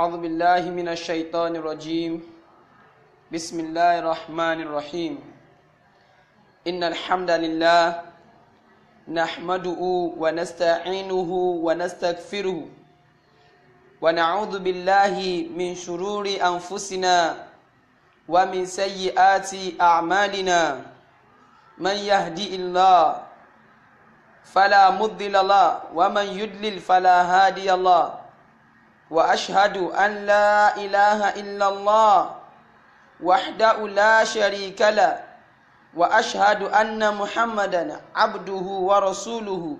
أعوذ بالله من الشيطان الرجيم بسم الله الرحمن الرحيم إن الحمد لله نحمده ونستعينه ونستغفره ونعوذ بالله من شرور أنفسنا ومن سيئات أعمالنا من يهدي الله فلا مضل له ومن يضلل فلا هادي الله واشهد ان لا اله الا الله وحده لا شريك له واشهد ان محمدا عبده ورسوله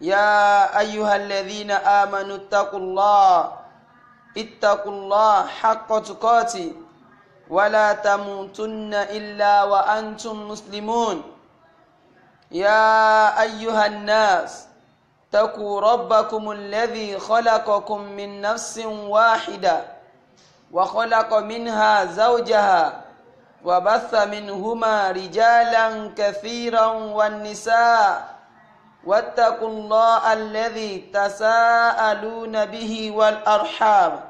يا ايها الذين امنوا اتقوا الله اتقوا الله حق تقاته ولا تموتن الا وانتم مسلمون يا ايها الناس اتقوا ربكم الذي خلقكم من نفس واحدة وخلق منها زوجها وبث منهما رجالا كثيرا والنساء واتقوا الله الذي تساءلون به والأرحام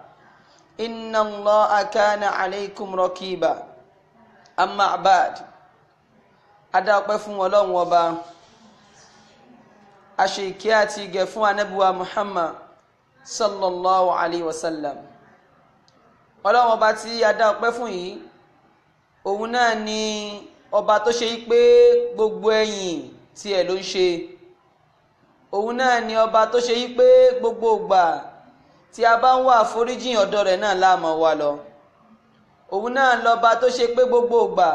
إن الله كان عليكم ركيبا أما بعد أدعو بفهم ولهم وبا àṣe ìkí àti ìgẹ̀ fún anábíwá muhammad sallallahu alayhi wa sallam ọlọ́run ọba tí a dá ọpẹ́ fún yìí òun náà ni ọba tó ṣe yí pé gbogbo ẹ̀yìn tí ẹ̀ ló ń ṣe òun náà ni ọba tó ṣe yí pé gbogbo ìgbà tí a bá ń wá àforíjìn ọ̀dọ̀ rẹ̀ náà láàmọ̀ wa lọ òun náà lọ́ba tó ṣe pé gbogbo ìgbà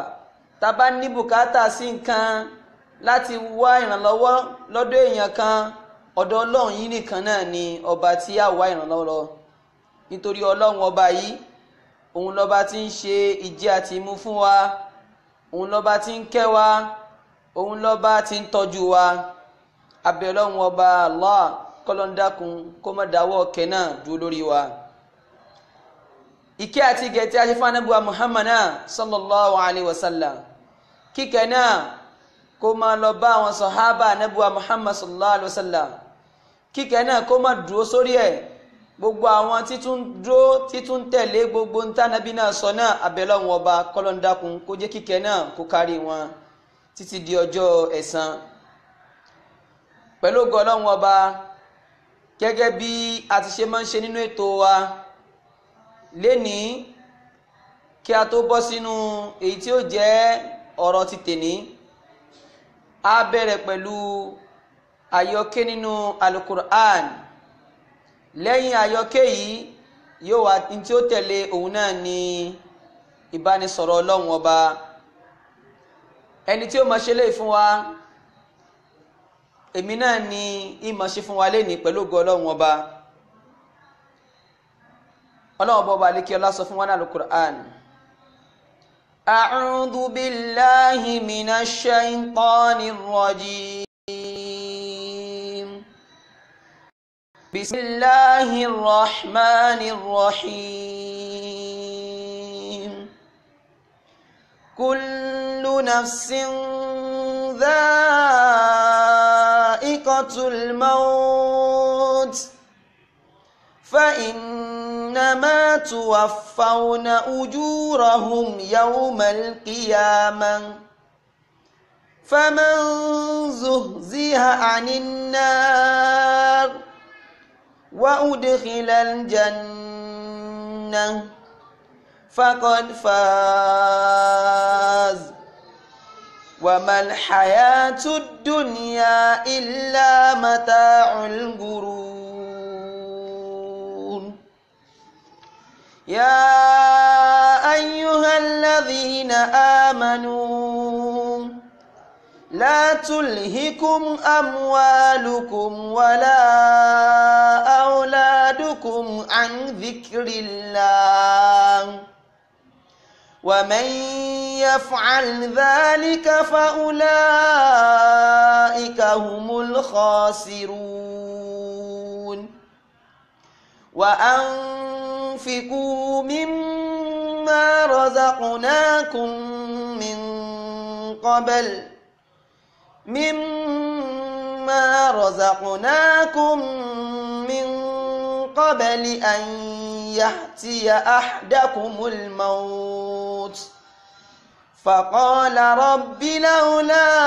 tá a bá ní bùkátà sí nǹkan láti wá ìrànlọ́wọ́ lọ́dọ̀ èèyàn kan ọ̀dọ̀ ọlọ́run yìí nìkan náà ni ọba tí a wá ìrànlọ́wọ́ lọ nítorí ọlọ́run ọba yìí òun lọ́ba tí ń ṣe ìjẹ́ àti imú fún wa òun lọ́ba tí ń kẹ́ wa òun lọ́ba tí ń tọ́jú wa abẹ́ ọlọ́run ọba Allah kọ́lọ́ńdàkùn kó má dáwọ́ ọ̀kẹ́ náà dúró lórí wa ìkẹ́ àti ìgẹ̀ tí a ṣe fún anábùwà Muhammad náà sallallahu alayhi wa sallam kíkẹ́ náà kó máa lọ bá àwọn sọ̀hábà anábùwà muhammad sallallahu alayhi wa sallam kíkẹ́ náà kó máa dúró sórí ẹ̀ gbogbo àwọn títún dúró títún tẹ̀lé gbogbo ntànàbí náà sọ náà abẹ́lọ́wọ̀n ọba kọ́lọ́ndàkùn kó jẹ́ kíkẹ́ náà kó kárí wọn títí di ọjọ́ ẹ̀san pẹ̀lú gọlọ́wọ̀n ọba gẹ́gẹ́ bí a ti ṣe máa ń ṣe nínú ètò wa lénìí kí a tó bọ́ sínú èyí tí ó jẹ́ ọ̀rọ̀ ti tèní a bẹ̀rẹ̀ pẹ̀lú àyọké nínú alukur'an lẹ́yìn àyọké yìí yóò wá ní tí ó tẹ̀lé òun náà ní ìbánisọ̀rọ̀ ọlọ́run ọba ẹni tí ó máa léyìí fún wa èmi náà ni ìmọ̀ ṣe fún wa lénìí pẹ̀lú ògo ọlọ́run ọba ọlọ́run ọba ọba àlékí ọlá sọ fún wa ní alukur'an. أعوذ بالله من الشيطان الرجيم بسم الله الرحمن الرحيم كل نفس ذائقة الموت فإنما توفون أجورهم يوم القيامة فمن زهزها عن النار وأدخل الجنة فقد فاز وما الحياة الدنيا إلا متاع الغرور يا أيها الذين آمنوا لا تلهكم أموالكم ولا أولادكم عن ذكر الله ومن يفعل ذلك فأولئك هم الخاسرون وأن تنفقوا مما رزقناكم من قبل مما رزقناكم من قبل أن يأتي أحدكم الموت فقال رب لولا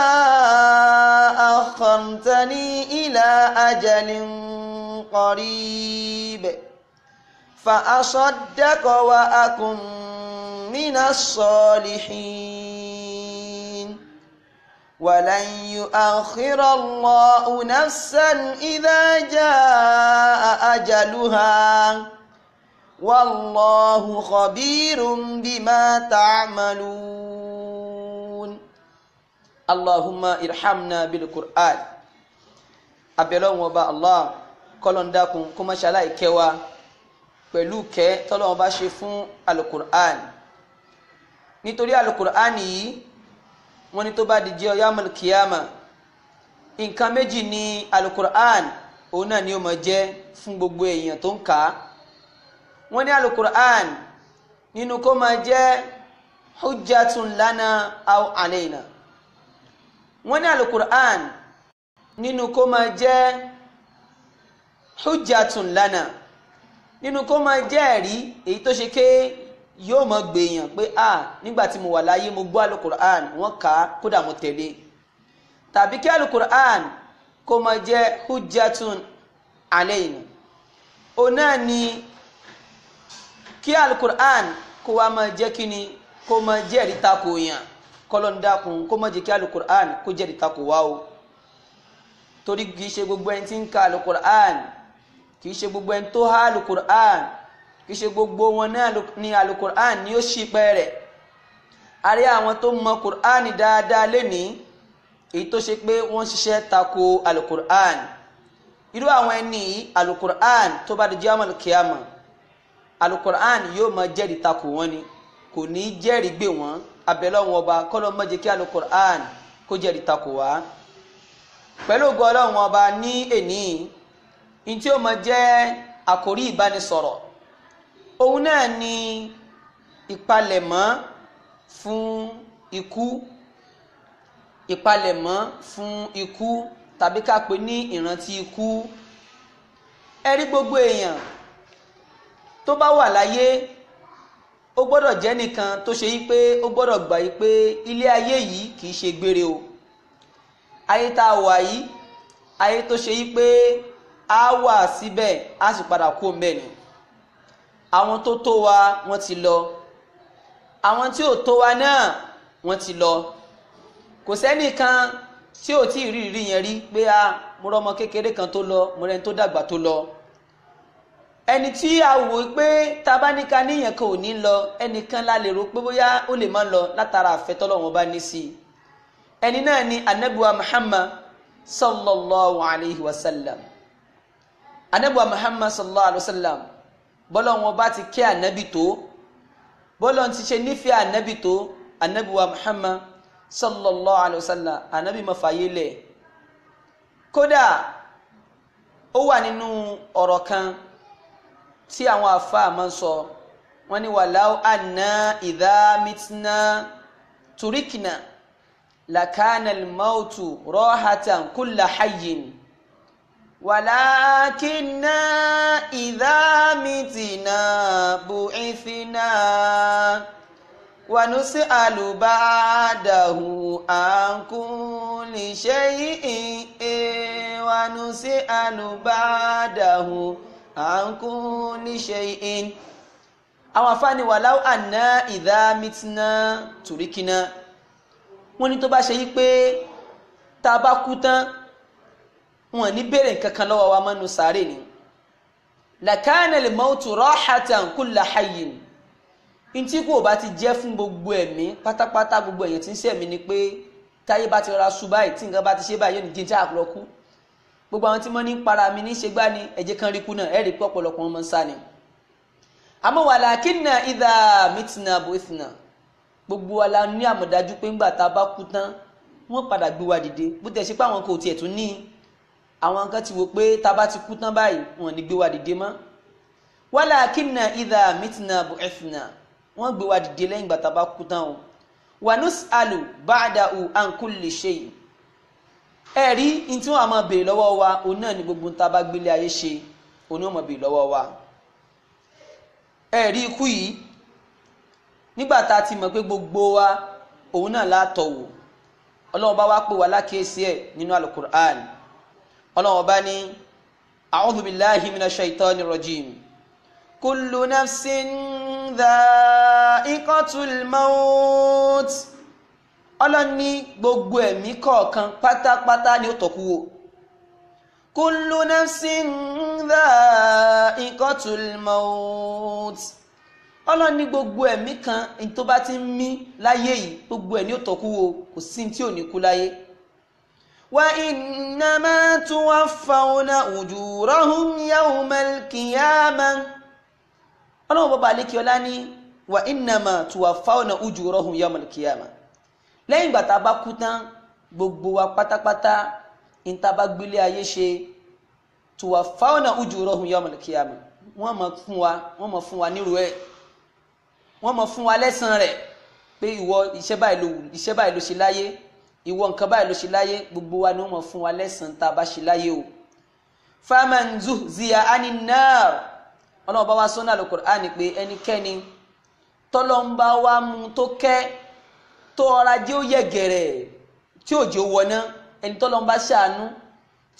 أخرتني إلى أجل قريب فأصدق وأكن من الصالحين ولن يؤخر الله نفسا إذا جاء أجلها والله خبير بما تعملون اللهم ارحمنا بالقرآن abẹ́lẹ́ wọn bá allah kọ́lọ́ndàkùn kọ́mọ́ṣáláì kẹwàá pẹ̀lú kẹ́ tọ́lọ́wọ́n bá ṣe fún alukur'an nítorí alukur'an yìí wọ́n ni tó bá di jẹ́ yamul kiyama nǹkan méjì ni alukur'an òun náà ni ó máa jẹ́ fún gbogbo èèyàn tó ń kà á wọ́n ní alukur'an nínú kó máa jẹ́ hujjatun lana aw alayna wọ́n ní alukur'an nínú kó máa jẹ́ hujjatun lana nínú kó máa jẹ́ ẹ̀rí èyí tó ṣe ké yóò mọ gbèèyàn pé a nígbà tí mo wà láyé mo gbọ́ alukur'an wọ́n kà á kódà mo tẹ̀lé tàbí kí alukur'an kó máa jẹ́ hujjatun alayna òun náà ni kí alukur'an kó wá máa jẹ́ kí ni kó máa jẹ́ ẹ̀rí takò yàn kọ́lọ́ndàkùn kó máa jẹ́ kí alukur'an kó jẹ́ ẹ̀rí takò wá o torí kì í ṣe gbogbo ẹni tí ń ka alukur'an kì í ṣe gbogbo ẹni tó há alukur'an kì í ṣe gbogbo wọn ní alukur'an ni ó ṣìpẹ̀ rẹ̀ a rí àwọn tó mọ kur'an dáadáa lénìí èyí tó ṣe pé wọ́n ṣiṣẹ́ tako alukur'an irú àwọn ẹni alukur'an tó bá di jẹ́ amalukiyama alukur'an yóò máa jẹ́rìí tako wọn ni kò ní í jẹ́rìí gbè wọ́n abẹ́lọ́wọ́n ọba kọ́lọ́ má kí alukur'an kó jẹ́rìí tako wá pẹ̀lú ògo Ọlọ́run ọba ní èní ntí ó máa jẹ́ àkórí ìbánisọ̀rọ̀ òun náà ni ìpalẹ̀mọ́ fún ikú ìpalẹ̀mọ́ fún ikú tàbí ká pè ní ìrántí ikú ẹ̀rí gbogbo èèyàn tó bá wà láyé ó gbọ́dọ̀ jẹ́ nìkan tó ṣe yí pé ó gbọ́dọ̀ gbà yí pé ilé ayé yìí kì í ṣe gbére o ayé tá a wà yìí ayé tó ṣe yí pé á wà síbẹ̀ á sì padà kú mbẹ̀ ni àwọn tó tó wa wọ́n ti lọ àwọn tí ò tó wa náà wọ́n ti lọ kò sẹ́nìkan tí ò tí ì rí ìrírí yẹn rí pé a mo rọ ọmọ kékeré kan tó lọ mo rẹni tó dàgbà tó lọ ẹni tí a wò pé tabaníka níyẹn kan ò ní lọ ẹnìkan la lè rò pé bóyá ó lè má lọ látara àfẹtọ́lọ́wọ́n bá ní sí i ẹni náà ni anabiwa Muhammad sallallahu alayhi wa sallam anabuwa muhammad sallallahu alaihi wasallam bọ́lọ́n wọn bá ti kí anabi tó bọ́lọ́n ti ṣe nífẹ̀ẹ́ anabi tó anabuwa muhammad sallallahu alaihi wasallam anabi ma fàyè lẹ̀ kódà ó wà nínú ọ̀rọ̀ kan tí àwọn àfáà máa ń sọ wọ́n ní wàláwó àná ìdá turikina lakana al-mautu rohatan ولكننا إذا متنا بعثنا ونسأل بعده عن كل شيء ونسأل بعده عن كل شيء àwọn afáàní walau anna idha mitna turikina wọ́n ní tó bá ṣe yí pé tá tán wọn ní béèrè nǹkan kan lọ́wọ́ wa mánu sáré ni làkàna lè mọ́tò rọ́hátàn kulla hayyin ntí kò bá ti jẹ́ fún gbogbo ẹ̀mí pátápátá gbogbo ẹ̀yẹ tí ń sẹ̀mí ni pé táyé bá ti rọra ṣu báyìí tí nǹkan bá ti ṣe báyìí yóò ní jíjá àkùrọ̀ kú gbogbo àwọn tí wọ́n ní ń para mi ní ṣe gbá ni ẹ̀jẹ̀ kan rí kú náà ẹ̀rí pé ọ̀pọ̀lọpọ̀ wọn máa ń sá ni. àmọ́ walakinna idha mitna buithna gbogbo wa la ní àmọ̀dájú pé ńgbà tá a bá kú tán wọ́n padà gbé wa dìde bó tẹ̀ ṣe pé àwọn kò tiẹ̀ tún ní àwọn kan ti wò pé tá bá ti kú tán báyìí wọn ní gbé wa dìde mọ́ walakinna idha mitna bu'ithna wọ́n gbé wa dìde lẹ́yìn ìgbà tá bá kú tán o wa nus'alu ba'dahu an kulli shay ẹ rí n tí wọ́n á máa béèrè wa òun náà ni gbogbo tá bá gbélé ayé ṣe òun náà máa béèrè lọ́wọ́ wa ẹ ikú yìí nígbà tá a ti mọ̀ pé gbogbo wa òun náà látọ̀wò ọlọ́run bá wá pè wá lákèésí ẹ̀ nínú alukur'an ọlọ́wọ́n bá ní a'udhu billahi minash shaitani rajim kullu nafsin dha'iqatul maut ọlọ́ni gbogbo ẹ̀mí kọ̀ọ̀kan pátápátá ni ó tọ̀kú wò kullu nafsin dha'iqatul maut ọlọ́ni gbogbo ẹ̀mí kan tó bá ti ń mí láyé yìí gbogbo ẹ̀ ni ó tọ̀kú kò sí tí ò ní kú láyé. وإنما توفون أجورهم يوم القيامة ọlọ́run bọ́ba àlékí ọlá ní wà ìnàmà tuwàfáwọnà ujurahum yawmal qiyamah lẹ́yìn ìgbà tá a bá kú tán gbogbo wa pátápátá níta bá gbélé ayé ṣe tuwàfáwọnà ujurahum yawmal qiyamah wọ́n máa fún wa wọ́n máa fún wa nírú ẹ̀ wọ́n máa fún wa lẹ́sàn rẹ̀ pé ìwọ iṣẹ́ báyìí ló ṣe láyé ìwọ nǹkan báyìí ló ṣe láyé gbogbo wa ni wọ́n mọ̀ fún wa lẹ́san tá a bá ṣe láyé o faman zuhziya anin nar ọlọ́run bá wa sọ́nà Al-Qur'ani pé ẹnikẹ́ni tọ́lọ́mbà wa mú tó kẹ́ tó ọ̀rá jẹ́ ó yẹ gẹ̀rẹ̀ tí òjò wọná ẹni tọ́lọ́mbà ṣàánú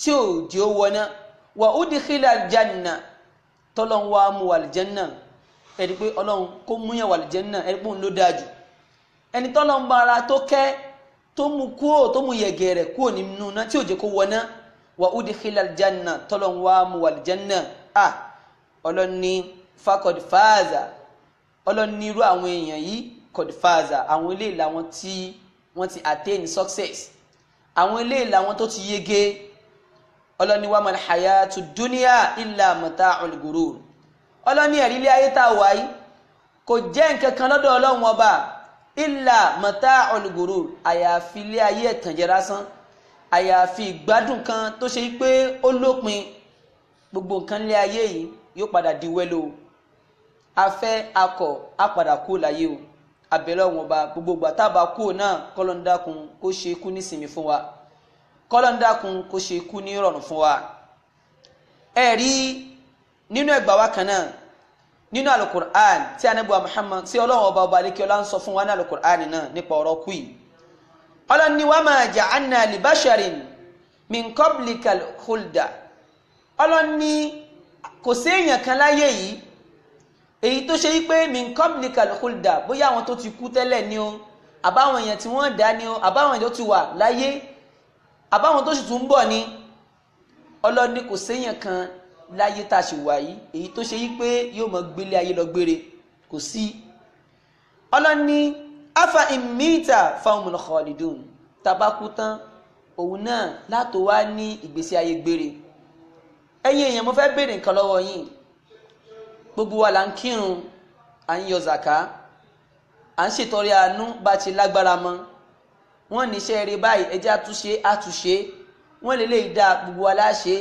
tí òjò wọná wà ó di khila janna tọ́lọ́mbà wa mú wàlìjánná ẹni pé ọlọ́run kó múyàn wàlìjánná ẹni pé òun ló dáa jù ẹni tọ́lọ́mbà ara tó kẹ́ tó mú kúò tó mú yẹ̀gẹ̀rẹ̀ kúò nínú náà tí ò jẹ́ kó wọná wà ó di hilal janna tọ́lọ̀ ń wá mu wà janna a ọlọ́ni fakọ̀dì fáàzà ọlọ́ni irú àwọn èèyàn yìí kọ̀dì fáàzà àwọn eléyìí làwọn tí wọ́n ti attain success àwọn eléyìí làwọn tó ti yege ọlọ́ni wà mal hayatu dúníà illa mata'ul gurur ọlọ́ni ẹ̀rí ilé ayé tá a wáyé kò jẹ́ nǹkan lọ́dọ̀ ọlọ́run ọba ilà mọ̀tá ọ̀lùgòrò àyàfi ilé ayé ẹ̀tànjẹ lásán àyàfi ìgbádùn kan tó ṣe pé ó lópin gbogbo nǹkan ilé ayé yìí yóò padà di wẹ́lò afẹ́ akọ̀ á padà kú láyé o àbẹ̀lẹ̀ ọ̀wọ́n ba gbogbo gbàtàbà kú náà kọ́lọ́ńdàkùn kó ṣe kú nísìnyí fún wa kọ́lọ́ńdàkùn kó ṣe kú ní ìrọ̀rùn fún wa ẹ̀rí nínú ẹgbàá wa kan náà nínú alukur'an tí anabiwa muhammad tí ọlọ́run ọba ọba alekiola ń sọ fún wa ní alukur'an náà nípa ọ̀rọ̀ kú yìí ọlọ́run ni wa ma ja'anna li basharin min qablikal khulda ọlọ́run ni kò sí èèyàn kan láyé yìí èyí tó ṣe wípé min qablikal bóyá àwọn tó ti kú tẹ́lẹ̀ ni o àbáwọn èèyàn tí wọ́n dá ni o àbáwọn èèyàn tó ti wà láyé àbáwọn tó sì tún ń bọ̀ ni ọlọ́run kò sí èèyàn kan láyé tá a ṣe wà yìí èyí tó ṣe yí pé yóò mọ gbélé ayé lọ gbére kò sí ọlọ́ni afa imita fáwọn khalidun tabaku tán òun náà látò wá ní ìgbésí ayé gbére ẹ̀yin èèyàn mo fẹ́ béèrè nǹkan lọ́wọ́ yín gbogbo wa là ń kírun à ń yọ zàká à ń ṣètọrẹ àánú bá ti lágbára mọ́ wọ́n níṣẹ́ eré báyìí ẹjẹ́ àtúnṣe àtúnṣe wọ́n lè lè dá gbogbo wa láṣẹ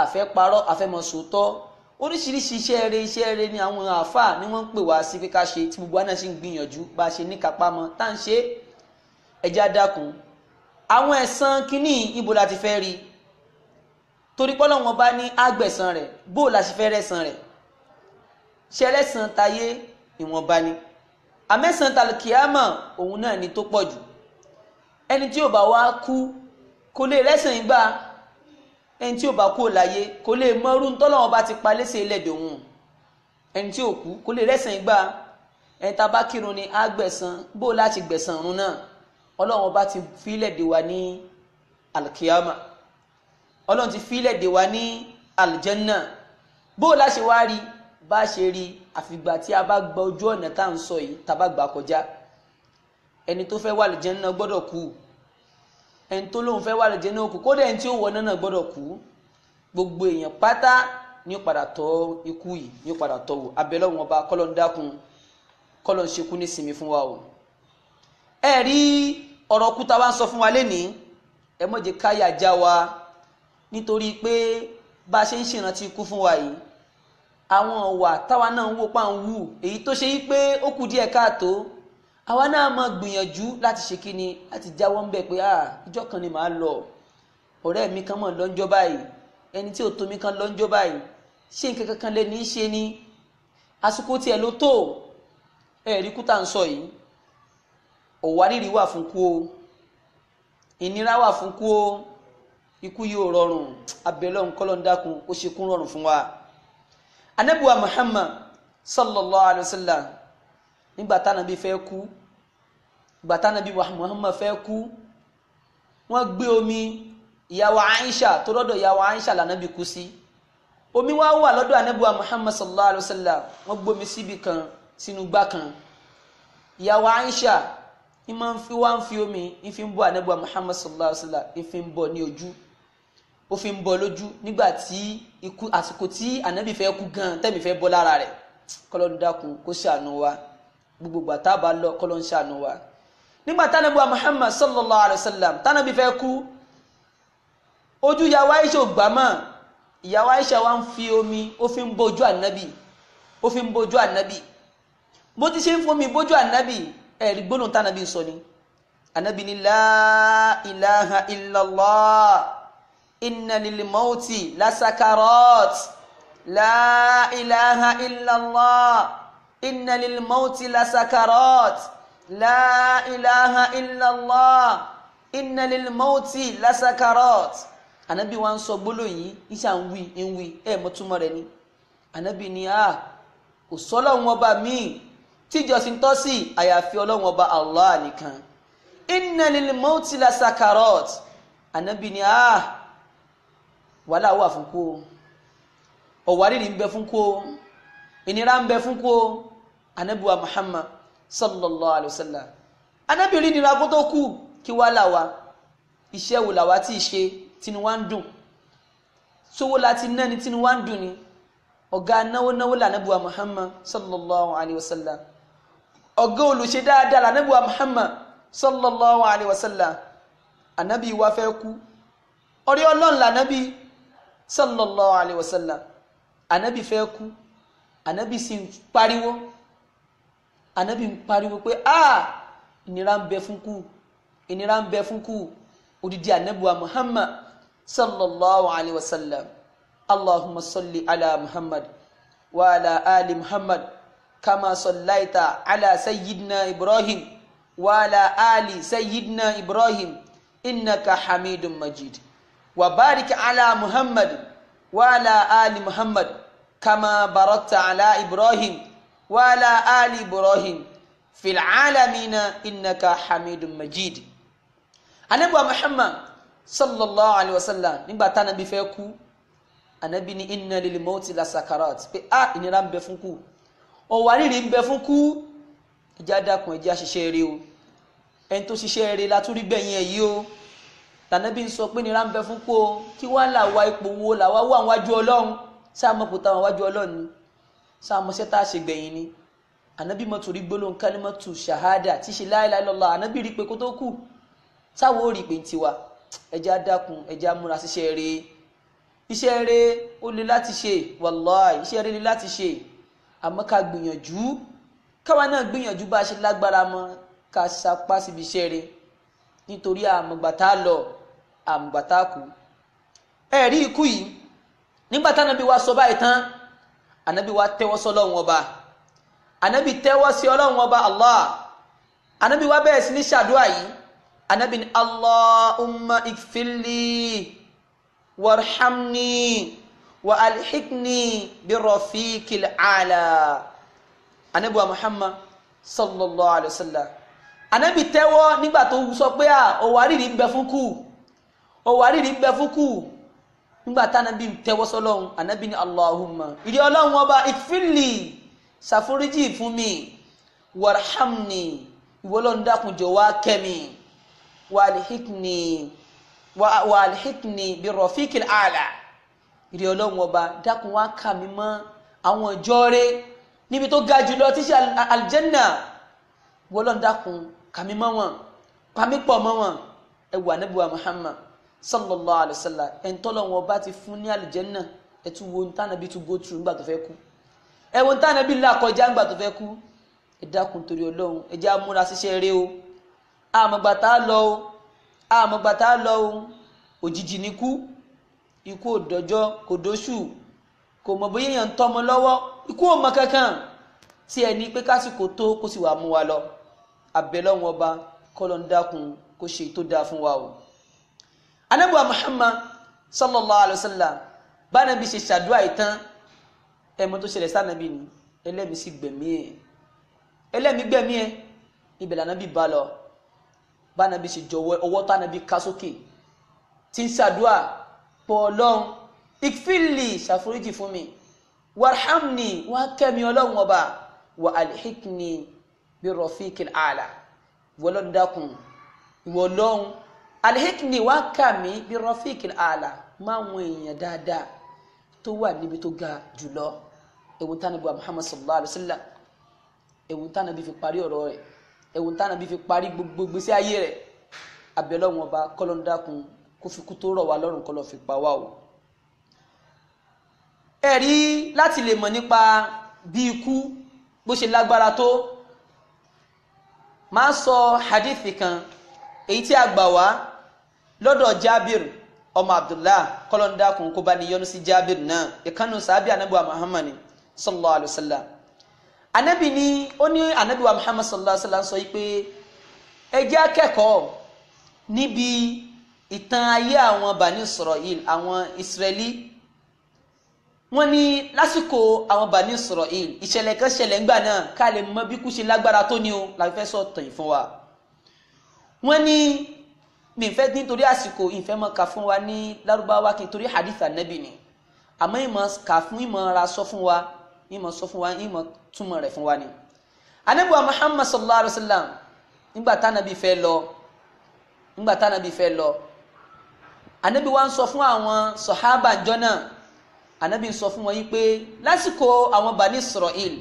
àfẹ́ parọ́ àfẹ́mọ sòótọ́ oríṣiríṣi iṣẹ́ rere iṣẹ́ rere ni àwọn àáfàá ni wọ́n ń pè wá sí pé ṣe tí gbogbo àná ṣe ń gbìyànjú bá a ṣe ní kápámọ́ tá à ń ṣe ẹja dákun àwọn ẹ̀san kínní ibo la ti fẹ́ rí torí pé Ọlọ́hun bá ní àgbẹ̀san rẹ̀ bó la ṣe fẹ́ rẹ̀san rẹ̀ ṣẹlẹ́san tayé ìwọ̀nba ni àmẹ́sàn tàlùkìámà òun náà ni tó pọ̀ jù ẹni tí ò bá wá kú kò lè rẹ́sàn yín ẹni tí ò bá kú láyé kò lè mọrú ntọ́lọ́wọ́n bá ti pa lẹ́sẹ̀ ẹlẹ́dẹ̀ òun ẹni tí ò kú kò lè rẹ́sìn gbà ẹni tá a bá kírun ni á gbẹ̀san bó o láti gbẹ̀san ọ̀run náà ọlọ́wọ́n bá ti fílẹ̀ dè wá ní alkiyama ọlọ́run ti fílẹ̀ dè wá ní aljanna bó o láṣẹ wá rí bá a ṣe rí àfìgbà tí a bá gba ojú ọ̀nà tá à ń sọ yìí tá a bá gbà kọjá ẹni tó fẹ́ wà aljanna gbọ́dọ̀ kú ẹni tó lóun fẹ́ wà lè jẹ́ náà kú kódà ẹni tí ó wọ náà gbọ́dọ̀ kú gbogbo èèyàn pátá ní padà tọ́ ikú yìí ní padà tọ́ wò abẹ́lẹ́ wọn bá kọ́lọ́ ń dákun kọ́lọ́ ń ṣekú ní sinmi fún wa o. ẹ rí ọ̀rọ̀ kú wá ń sọ fún wa lénìí ẹ má jẹ́ káyà já wa nítorí pé bá a ṣe ń ṣèrántí ikú fún wa yìí àwọn ọ̀wà táwa náà ń wò pa ń wù èyí tó ṣe yí pé ó kù díẹ̀ káàtó àwa náà máa gbìyànjú láti ṣe kíni láti jáwọ́ ń bẹ̀ pé ah ìjọ kan ni màá lọ ọ̀rẹ́ mi kan mọ̀ lọ́njọ́ báyìí ẹni tí ò tó mi kan lọ́njọ́ báyìí ṣé nǹkan kankan lè ní í ṣe ni àsìkò tiẹ̀ ló tó ẹ̀rí kú tá à ń sọ yìí ọ̀wárìrì wà fún kú o ìnira wà fún kú o ikú yóò rọrùn abẹ́lẹ́ òǹkọ́lọ́ ń dákun ó ṣe kún rọrùn fún wa anabuwa Muhammad sallallahu alayhi wa sallam nígbà tánàbí fẹ́ kú ìgbà tánàbí Muhammad fẹ́ kú wọ́n gbé omi ìyàwó Aisha tó lọ́dọ̀ ìyàwó Aisha lànàbí kú sí omi wá wà lọ́dọ̀ anábíwá Muhammad sallallahu alayhi wa sallam wọ́n gbómi síbi kan sínú gbá kan ìyàwó Aisha ní máa ń fi wá ń fi omi ìfi ń bọ anábíwá Muhammad sallallahu alayhi wa sallam ìfi ń bọ ní ojú ó fi ń bọ lójú nígbà tí ikú àsìkò tí anábì fẹ́ kú gan tẹ́mi fẹ́ bọ́ lára rẹ̀ kọ́lọ́dún dákun kó ṣàánú wa gbogbo gbà tá a bá lọ kọ́ ló ń ṣàánú wa nígbà tánàbí wa Muhammad sallallahu alayhi wa sallam tánàbí fẹ́ kú ojú yàwá Aisha ò gbà mọ́ ìyàwó Aisha wa ń fi omi ó fi ń bójú ànábì ó fi ń bójú ànábì bó ti ṣe ń fomi bójú ànábì ẹ̀rí gbólóhùn tánàbí sọ ni ànábì ni la ilaha illallah inna lil mawti la sakarat la إن للموت mauti la sakarat la ilaha illallah inna lil mauti la sakarat anabi wa ń sọ gbólóhùn yìí iṣẹ à ń wí ń wí ẹ mọ túmọ̀ rẹ̀ ni anabi ni a kò sọlọ́run ọba míì tíjọsìn tọ́ sí àyàfi ọlọ́run ọba allah nìkan inna lil mauti la sakarat anabi ni a wàhálà wà fún kú ọ̀wárìrì ń bẹ fún kú ìnira ń bẹ fún kú anabiwa muhammad sallallahu alayhi wa sallam anabi rí nira kó tó kú kí wá là wá iṣẹ́ wo làwa tí ì ṣe tinú wa ń dùn sówó láti ná ni tinú wa ń dùn ni ọ̀gá náwó náwó lànàbíwa muhammad sallallahu alayhi wa sallam ọ̀gá olùṣe dáadáa lànàbíwa muhammad sallallahu alayhi wa anabi wa fẹ́ kú ọ̀rẹ́ ọlọ́run lànàbí sallallahu alayhi wa anabi fẹ́ kú anabi sì ń pariwo anabi ń pariwo pé ah ìnira ń bẹ fún kú ìnira ń bẹ fún kú odidi anabi wa muhammad sallallahu alayhi wa sallam allahumma salli ala muhammad wa ala ali muhammad kama sallaita ala sayyidina ibrahim wa ala ali sayyidina ibrahim innaka hamidun majid wa barik ala muhammad wa ala ali muhammad kama barakta ala ibrahim wàhálà ali ibrahim fil'alamina innaka hamidun majid anabi wa muhammad sallallahu alayhi wa sallam nígbà tá anabi fẹ́ kú anabi ni inna lil mawti la sakarat pé a ìnira ń bẹ fún kú ọ̀wà rírì ń bẹ fún kú ẹjẹ́ adákun ẹjẹ́ àṣìṣe rẹ o ẹni tó ṣiṣẹ́ rẹ látúrí gbẹ̀yìn ẹ̀ yìí o tànàbí ń sọ pé nira ń bẹ fún kú o kí wàá là ipò wo là wà wájú ọlọ́run sáà mọ̀pọ̀ táwọn wájú ọlọ́run ni sáàmùsẹ́ tá a ṣe gbẹ̀yìn ni ànábì mọ́tò rí gbólóhùn kálímọ́tò ṣàhádà tí ṣe la ilaha illallah ànábì rí pé kó tó kù táwọn ò rí pé ń tiwa ẹja dákun ẹja múra síṣẹ́ rẹ̀ iṣẹ́ rẹ̀ ó le láti ṣe wàláì iṣẹ́ rẹ̀ le láti ṣe àmọ́ ká gbìyànjú káwa náà gbìyànjú bá a ṣe lágbára mọ́ ká sapá síbi iṣẹ́ rẹ̀ nítorí àmọ̀gbàtà lọ àmọ̀gbàtà kù ẹ̀rí ikú yìí nígbà tánábì wa anabi wa tẹ́wọ́ sọ́lọ́run ọba anabi tẹ́wọ́ sí ọlọ́run ọba allah anabi wa bẹ̀rẹ̀ sí ní ṣàdúrà yìí anabi ni allahumma ikfili warhamni wa alhikni bi rafiqil ala anabi wa muhammad sallallahu alayhi wa sallam anabi tẹ́wọ́ nígbà tó sọ pé à ah, òwárìrì ń bẹ fún kù òwárìrì ń bẹ fún kù nígbà tá anabi ń tẹ́wọ́ sọ́lọ́run anabi ní allahumma ìdí ọlọ́run ọba ìfìlì ṣàforíjì fún mi warhamni ìwọlọ́run dákun jọ̀ọ́ wá kẹ́mi wàlíhìkni wàlíhìkni bí rọ̀fíkìl àlà ìdí ọlọ́run ọba dákun wá kà mí mọ́ àwọn ìjọ níbi tó ga jùlọ tí ṣe aljanna ìwọlọ́run dákun mọ́ wọn pàmí pọ̀ mọ́ wọn ẹ wà níbi wa muhammad sallallahu alayhi wa sallam ẹ̀ńtọ́lọ́ wọn bá ti fún ní àlìjẹ́nà ẹ̀tún wo ntànàbí tún go through nígbà tó fẹ́ kú ẹ̀wọ̀n ntànàbí là kọjá nígbà tó fẹ́ kú ẹ̀dákun torí ọlọ́run ẹ̀jẹ̀ amúra ṣiṣẹ́ rẹ o àmọ̀gbàtà lọ o àmọ̀gbàtà lọ o òjijì ní kú ikú òdọjọ́ kò dóṣù kò mọ̀ bóyá èèyàn ń tọmọ lọ́wọ́ ikú ò mọ kankan tí ẹni pé kásìkò tó kó sì wàá mú wa lọ àbẹ̀lọ́wọ̀n ọba kọ́lọ́ ń dákun kó ṣe tó dáa fún wa o anabuwa muhammad sallallahu alayhi wa sallam báyìí bí ṣe ṣàdúrà ìtàn ẹmọ tó ṣẹlẹ̀ sànàbí ni ẹlẹ́mìí sì gbẹ̀mí ẹ̀ ẹlẹ́mìí gbẹ̀mí ẹ̀ ibẹ̀ lànàbí bá lọ báyìí bí ṣe jọ̀wọ́ ọwọ́ tànàbí ká sókè tí ń ṣàdúrà pọ̀ ọlọ́run ìfìlì ṣàforíjì fún mi wàhámni wà kẹ́mi ọlọ́run ọba wà alhikni bí rọ̀fíkì àlà ìwọ ọlọ́run alihikni wá kà mí bí rọfíìkì àlà máa wọn èèyàn dáadáa tó wà níbi tó ga jùlọ ewu tánà bí wa muhammad sallallahu alayhi wa sallam ewu tánà bí fi parí ọ̀rọ̀ rẹ̀ ewu tánà bí fi parí gbogbo gbèsè ayé rẹ̀ abẹ́lọ́wọ̀n ọba kọ́lọ́ńdàkùn kó fi kú tó rọ̀ wá lọ́rùn kọ́lọ́ fi pa wá o. ẹ̀rí láti lè mọ̀ nípa bí ikú bó ṣe lágbára tó máa sọ hadith kan èyí tí a gbà wá lọ́dọ̀ Jabir ọmọ abdullahi kọlọ́ndà kún kó bá níyọnu sí jábìrì náà ìkànnù sábì anábìwá muhammad sallallahu alayhi wa sallam anabi ni ó ní anábìwá muhammad sallallahu alayhi wa sallam sọ yìí pé ẹ jẹ́ akẹ́kọ̀ọ́ níbi ìtàn ayé àwọn bani israel àwọn israeli wọ́n ní lásìkò àwọn bani israel ìṣẹ̀lẹ̀ kan ṣẹlẹ̀ ńgbà náà ká lè mọ bí kú ṣe lágbára tó ní o làwọn fẹ́ sọ tàn fún wa wọ́n ní mi fẹ́ nítorí àsìkò ìfẹ́ mọ́ ka fún wa ní lárúbáwá kí n torí hadith anabi ni àmọ́ ìmọ̀ ka fún ìmọ̀ ra sọ fún wa ìmọ̀ sọ fún wa ìmọ̀ túmọ̀ rẹ̀ fún wa ni. anabi wa muhammad sallallahu alayhi wa sallam nígbà tánabi fẹ́ lọ nígbà tánabi fẹ́ lọ anabi wa ń sọ fún àwọn sọ̀hábà jọ náà anabi ń sọ fún wọn yìí pé lásìkò àwọn bani israel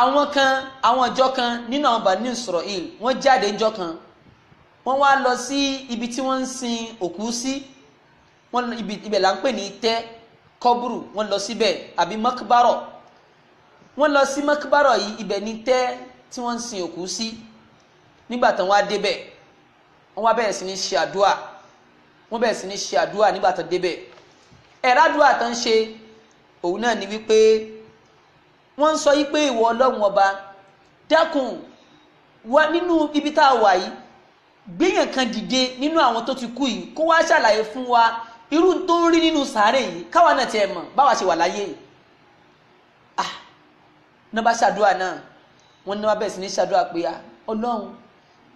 àwọn kan àwọn ìjọ kan nínú àwọn bani israel wọ́n jáde ìjọ kan wọ́n wá lọ sí ibi tí wọ́n ń sin òkú sí wọ́n ibẹ̀ là ń pè ní tẹ́ kọ́búrù wọ́n lọ síbẹ̀ àbí mọ́kúbárọ̀ wọ́n lọ sí mọ́kúbárọ̀ yìí ibẹ̀ ní tẹ́ tí wọ́n ń sin òkú sí nígbà tán wá débẹ̀ wọ́n wá bẹ̀rẹ̀ sí ní ṣe àdúà wọ́n bẹ̀rẹ̀ sí ní ṣe àdúà nígbà tán débẹ̀ ẹ̀rọ àdúà tán ṣe òun náà ni wípé wọ́n ń sọ yí pé ìwọ ọlọ́run ọba dẹ́kun wá nínú ibi tá a wà yìí gbéyàn kan dìde nínú àwọn tó ti kú yìí kó wá ṣàlàyé fún wa irú tó ń rí nínú sàárè yìí káwa náà tiẹ̀ mọ̀ báwa ṣe wà láyé ah náà bá ṣàdúrà náà wọn náà bẹ̀rẹ̀ sí ní ṣàdúrà pé a ah, ọlọ́run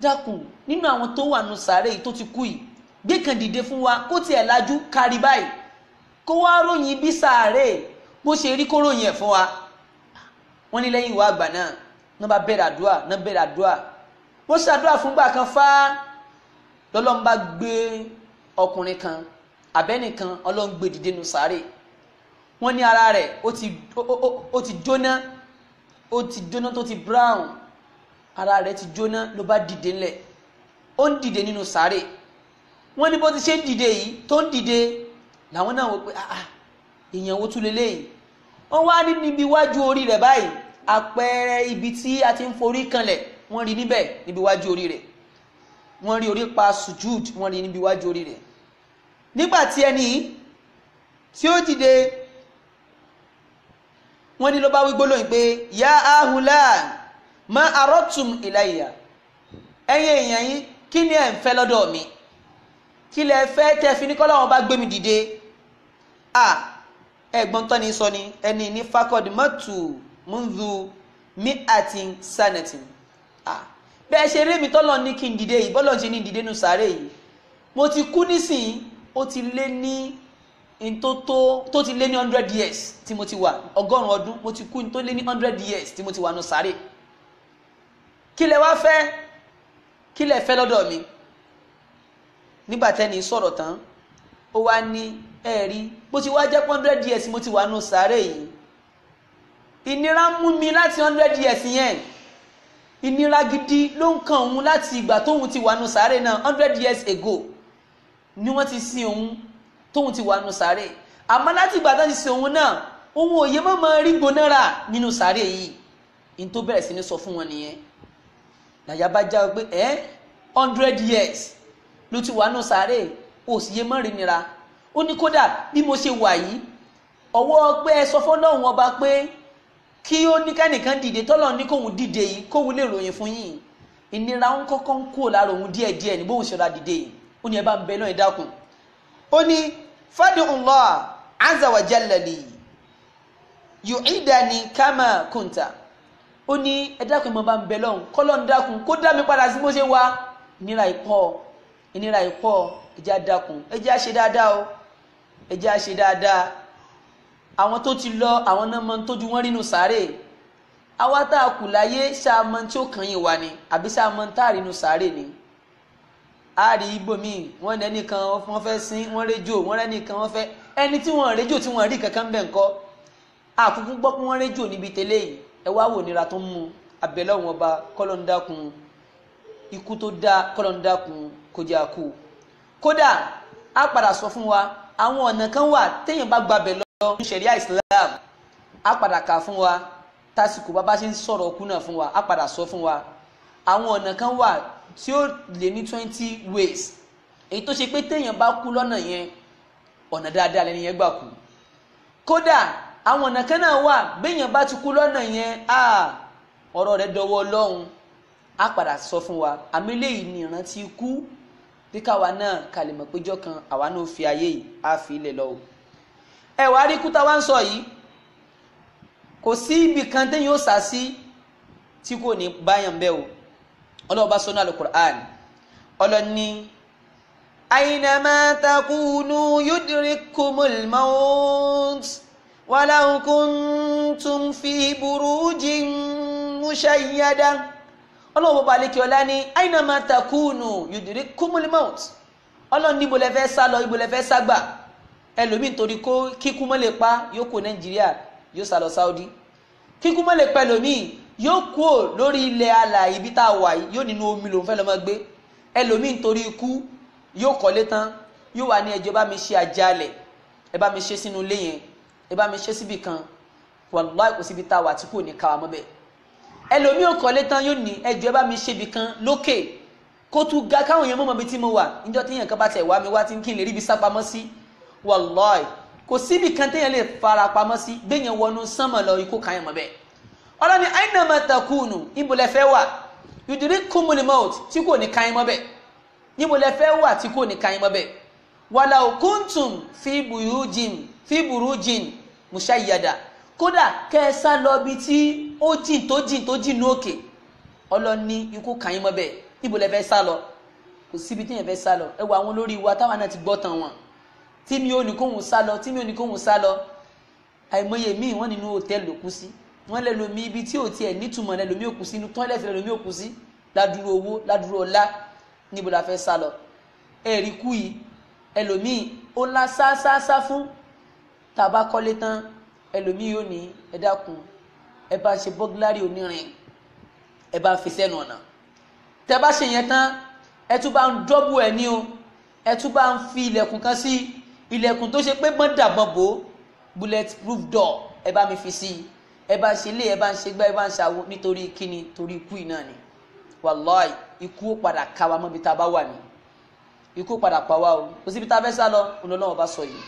dákun nínú àwọn tó wà nínú sàárè yìí tó ti kú yìí gbé kan dìde fún wa kó tiẹ̀ lajú kárí báyìí kó wá ròyìn bí sàárè bó ṣe rí kó ròyìn ẹ̀ fún wa wọn ní lẹ́yìn ìwà àgbà náà náà bá bẹ̀rẹ̀ àdúrà náà bẹ̀rẹ̀ àdúrà wọ́n ṣàdúrà fúngbà kan fáá lọ́lọ́run bá gbé ọkùnrin kan abẹ́nìkan ọlọ́run gbé dìde nu sáré wọ́n ní ara rẹ̀ ó ti jóná ó ti jóná tó ti brown ara rẹ̀ ti jóná ló bá dìde ńlẹ̀ ó ń dìde nínú sáré wọ́n ní bó ti ṣe ń dìde yìí tó ń dìde làwọn náà wò pé ah, ah, èèyàn wo tún leléyìí wọ́n wá ní níbi iwájú orí rẹ̀ báyìí àpẹẹrẹ ibi tí a ti ń forí kanlẹ̀ wọ́n rí níbẹ̀ níbi iwájú orí rẹ̀ wọ́n rí orí pa sujud wọ́n rí níbi iwájú orí rẹ̀ nígbà tí ẹni tí ó dìde wọ́n ní ló bá wí gbólóyìn pé ya ahula ma arọ́tùm ìlàyà ẹ̀yin èèyàn yín kí ni ẹ̀ ń fẹ́ lọ́dọ̀ mi kí lẹ fẹ́ tẹ fi ní kọ́lọ́wọ́n bá gbé mi dìde a ẹ̀gbọ́n tán ni sọ ni ẹni ní fakọ́dì mọ́tù múndú mi àti sanatin a. Ah bẹ́ẹ̀ ṣe rémi tọ́lọ̀ ní kí n dìde yìí bọ́lọ̀ ṣe ní dìde nù sáré yìí mo ti kú nísìnyí ó ti lé ní tó ti lé ní hundred years tí mo ti wà ọgọ́rùn-ún ọdún mo ti kú tó lé ní hundred years tí mo ti wà nù sáré kí lẹ wá fẹ́ kí lẹ fẹ́ lọ́dọ̀ mi nígbà tẹ́ni sọ̀rọ̀ tán ó wá ní ẹ̀rí bó ti wá jẹ́ hundred years mo ti wà nù sáré yìí ìnira mú mi láti hundred years yẹn ìnira gidi ló ń kan òun láti ìgbà tóun ti wà nù sáré náà hundred years ago ni wọ́n ti sin òun tóun ti wà nù sáré àmọ́ láti ìgbà tó ti sin òun náà òun òye má máa rí gbónára nínú sáré yìí ní tó bẹ̀rẹ̀ sí ní sọ fún wọn nìyẹn nàyà bá já pé ẹ́ hundred years ló ti wà nù sáré ó sì yé má rí nira ó ní kódà bí mo ṣe wà yìí ọwọ́ pé ẹ sọ fọ́lọ́hún ọba pé kí ó ní kẹ́nìkan dìde tọ́lọ̀ ní kóun dìde yìí kóun lè ròyìn fún yín ìnira ń kọ́kọ́ ń kúrò lára òun díẹ̀ díẹ̀ ní bóun ṣọra dìde yìí ó ní ẹ bá ń bẹ náà ẹ dákun ó ní fad'ullah azza wa jalla li yu'idani kama kunta ó ní ẹ dákun mo bá ń bẹ lọ́hùn kọ́lọ́ ń dákun kó dá mi padà sí bó ṣe wá ìnira ìpọ̀ ìnira ìpọ̀ ẹ jẹ́ á ẹ jẹ́ á dáadáa o ẹ jẹ́ á dáadáa àwọn tó ti lọ àwọn náà máa ń tójú wọn rínú sáré àwa tá a kù láyé ṣáàmọ tí ó kàn yín wá ni àbí ṣáàmọ tá a rínú sáré ni a rí ibòmí wọn lẹnìkan wọn fẹ́ sin wọn rédíò wọn lẹnìkan wọn fẹ́ ẹni tí wọn rédíò tí wọn rí kankan bẹ̀ ń kọ́ àkókò gbọ́ pé wọn rédíò níbi tẹ́lẹ̀ yìí ẹ wá wò nira tó ń mu abẹ́lẹ́ wọn ba kọ́lọ́ ń dákun ikú tó dáa kọ́lọ́ ń dákun kó jẹ́ àkú kódà á padà sọ fún wa àwọn ọ̀nà kan wà téèyàn bá gbabẹ̀ lọ lọ ṣẹ̀ríà Islam á padà kà fún wa tásìkò bá bá ṣe ń sọ̀rọ̀ ọkú náà fún wa á padà sọ fún wa àwọn ọ̀nà kan wà tí ó lé ní twenty ways èyí tó ṣe pé téèyàn bá kú lọ́nà yẹn ọ̀nà dáadáa lẹ́ni yẹn gbà kú kódà àwọn ọ̀nà kan náà wà béèyàn bá ti kú lọ́nà yẹn ọ̀rọ̀ rẹ̀ dọwọ́ Ọlọ́run á padà sọ fún wa àmì lẹ́yìn ni ìrántí ikú bí káwa náà kà lè mọ̀ péjọ kan àwa náà fi ayé yìí á fi ilẹ̀ lọ ẹ wàá rí kúta wá ń sọ yìí kò sí ibì kan téyìn ó sà sí tí kò ní báyàn bẹ́ẹ̀ o ọlọ́run bá sọ́nà alukur'an ọlọ́ni aynama takunu yudrikumul maut walau kuntum fi burujin mushayyada ọlọ́run bọ́ba aleke ọlá ní aynama takunu yudrikumul maut ọlọ́run níbo lẹ sá lọ ibo sá gbà ẹlòmíì nítorí kó kíkú mọ́ lè pa yóò kó nàìjíríà yóò sá lọ Saudi kíkú mọ́ lè pa ẹlòmíì yóò kó lórí ilẹ̀ alà ibi tá a wà yìí yóò nínú omi lòún fẹ́ lọ́ mọ́ gbé ẹlòmíì nítorí ikú yóò kọ́lé tán yóò wà ní ẹjọ́ bá mi ṣe àjálẹ̀ ẹ bá mi ṣe sínú ilé yẹn ẹ bá mi ṣe síbi kan wàlúwà kò síbi tá a wà tí kò ní ká wa mọ́ bẹ́ẹ̀ ẹlòmíì ò kọ́lé tán yóò ní ẹjọ́ bá mi ṣe ibì kan lókè kó tún ga káwọn èèyàn mọ̀ mọ́ bí tí mo wà níjọ́ tí èèyàn kan bá tẹ̀ wá mi wá tí kí n lè rí ibi sápamọ́ sí wàlọ́ọ̀ì kò síbi kan téèyàn lè fara pamọ́ sí béèyàn wọnú sánmọ̀ lọ ikú kan yẹn mọ́ bẹ́ẹ̀ ọlọ́ni àìnàmọ́ takùnù ìbòlẹ́fẹ́ wà yùdírí kùmùlìmọ́ọ̀t tí kò ní kan yẹn mọ́ bẹ́ẹ̀ níbòlẹ́fẹ́ wà tí kò ní kan yẹn mọ́ bẹ́ẹ̀ wàlà òkúntùn fi burújìn mùsáyàdà kódà kẹsà lọ bi tí ó jìn tó jìn tó jìn ní òkè ọlọ́ni ikú kan yẹn mọ́ bẹ́ẹ̀ níbòlẹ́fẹ́ sá lọ kò síbi téèyàn fẹ́ sá lọ ẹ wọ àwọn olórí wa táwọn náà ti gbọ́ tán wọn tí mi ò ní kóhun sá lọ mi ò ní kóhun sá lọ àìmọye míì wọ́n nínú hòtẹ́ẹ̀lì ló kú sí wọ́n lẹ́lòmí ibi tí ò tiẹ̀ nítumọ̀ lẹ́lòmí òkú sí inú tọ́lẹ̀tì lẹ́lòmí òkú sí ládùúrú owó ládùúrú ọlá níbo la fẹ́ sá lọ ẹ̀rí kú yìí ẹlòmíì ó lá sáásáásá fún tàbá kọ́lé tán ẹlòmíì yóò ní ẹ dákun ẹ bá ṣe bọ́gílárì onírin ẹ bá fi sẹ́nu ọ̀nà tẹ bá ṣe yẹn tán ẹ tún bá ń dọ́bù ẹ̀ ní o ẹ tún bá ń fi ilẹ̀kùn kan sí i ilẹ̀kùn tó ṣe pé bọ́n dàbọ̀n bullet roof door ẹ bá mi fi sí i ẹ bá ń ṣe ilé ẹ bá ń ṣe gbá ẹ bá ń ṣàwo nítorí kíni torí ikú iná ni wàláì ikú ó padà ká wa mọ́bi tá a bá wà ní ikú ó padà pa wá o kò síbi tá a fẹ́ sá lọ ọlọ́run bá sọ yìí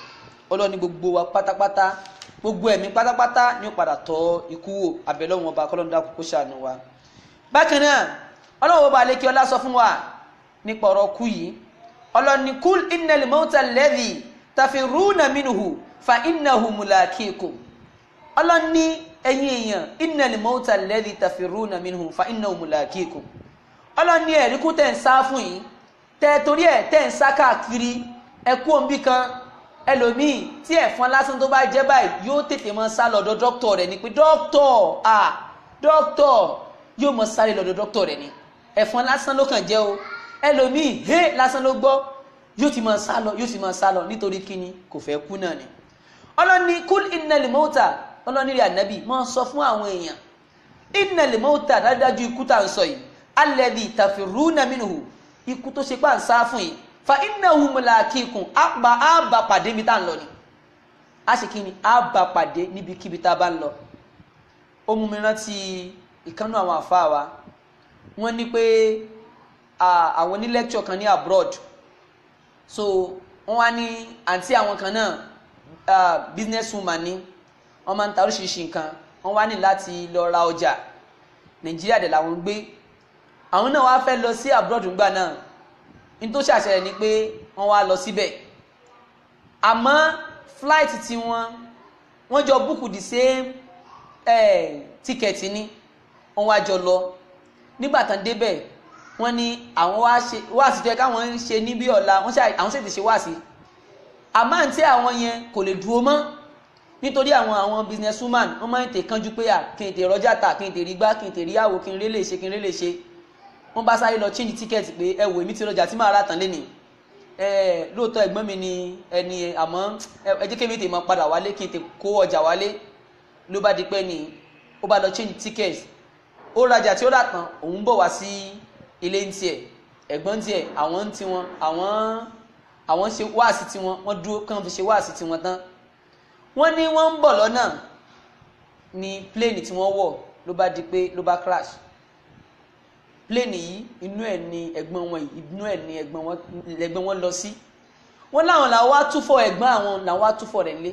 ọlọ́run gbogbo wa pátápátá gbogbo ẹ̀mí pátápátá ni ó padà tọ́ ikú wò abẹ́lọ́run ọba kọ́lọ́run dákú kó ṣàánú wa. bákan náà ọlọ́run ọba àlekí sọ fún wa nípa ọ̀rọ̀ kú yìí ọlọ́run kúl innal mauta tafiruna minhu fa innahu mulakikum ọlọ́run ní ẹ̀yin èèyàn innal mauta alladhi tafiruna minhu fa innahu mulakikum ọlọ́run ní ẹ̀rí kú tẹ̀ ń sá fún yìí tẹ́ torí ẹ̀ tẹ́ ń sá káàkiri ẹ kú òǹbí kan ẹlòmíì tí ẹ̀fọn lásán tó bá jẹ́ báyìí yóò tètè máa sá lọ́dọ̀ dókítọ̀ rẹ̀ ni pé dókítọ̀ à dókítọ̀ yóò máa sáré lọ́dọ̀ dókítọ̀ rẹ̀ ni ẹ̀fọn lásán ló kàn jẹ́ o ẹlòmíì hé lásán ló gbọ́ yóò ti máa sálọ yóò sì máa sálọ nítorí kíni kò fẹ́ kú náà ni ọlọ́ni kúl ìnẹ̀lì mọ́tà ọlọ́ni rí ànábì máa sọ fún àwọn èèyàn ìnẹ̀lì mọ́tà dájúdájú ikú tá à ń sọ yìí alẹ́bí tàfírúnà mínú ikú tó ṣe pà ń sá fún yìí fa ìnáwó mọ̀láàkìkùn àbá àbá pàdé mi tá à ń lọ ni a sì kí ni àbá pàdé níbikíbi tá a bá ń lọ ó mú mi ìkánú àwọn àfáà wa wọ́n ní pé àwọn onílẹ́kṣọ̀ kan ní abroad so wọ́n wá ní àǹtí àwọn kan náà business woman ni wọ́n máa ń ta oríṣiríṣi nǹkan wọ́n wá ní láti lọ ra ọjà nàìjíríà dẹ̀ làwọn ń gbé àwọn náà wá fẹ́ lọ sí abroad ńgbà náà ní tó ṣàṣẹlẹ̀ ni pé wọ́n wá lọ síbẹ̀ àmọ́ flight tiwọn wọ́n jọ búùkù the same eh, ticket ni wọ́n wá jọ lọ nígbà tán débẹ̀ wọ́n ní àwọn wáàsí tó yẹ káwọn ń ṣe ní bí ọ̀la àwọn ṣètì ṣe wáàsí àmọ́ àǹtí àwọn yẹn kò lè dúró mọ́ nítorí àwọn àwọn business woman wọ́n máa ń tè kánjú pé à kí n tè rọjà tà kí n tè rí gbá kí n tè rí àwò kí n rí lè ṣe kí n rí lè ṣe wọ́n bá sáré lọ change ticket pé ẹ wò èmi ti rọjà tí màá rà tán lénìí ẹ lóòótọ́ ẹ̀gbọ́n mi ni ẹni àmọ́ ẹ jẹ́ kí mi tè máa padà wálé kí n tè kó ọjà wálé ló bá di pé ni ó bá lọ change ticket ó rajà tí ó rà tán òun bọ̀ wá sí ilé ń tiẹ̀ ẹ̀gbọ́n ń tiẹ̀ àwọn ń tiwọn àwọn àwọn ṣe wáàsí tiwọn wọ́n dúró kàn fi ṣe wáàsí tiwọn tán wọ́n ní wọ́n ń bọ̀ lọ́nà ni pléènì tí wọ́n wọ̀ ló bá di pé ló bá crash pléènì yìí inú ẹ̀ ni ẹ̀gbọ́n wọn yìí inú ẹ̀ ni ẹ̀gbọ́n wọn lẹ́gbọ́n wọn lọ sí wọ́n láwọn làwọn atúfọ̀ ẹ̀gbọ́n àwọn làwọn atúfọ̀ rẹ̀ lé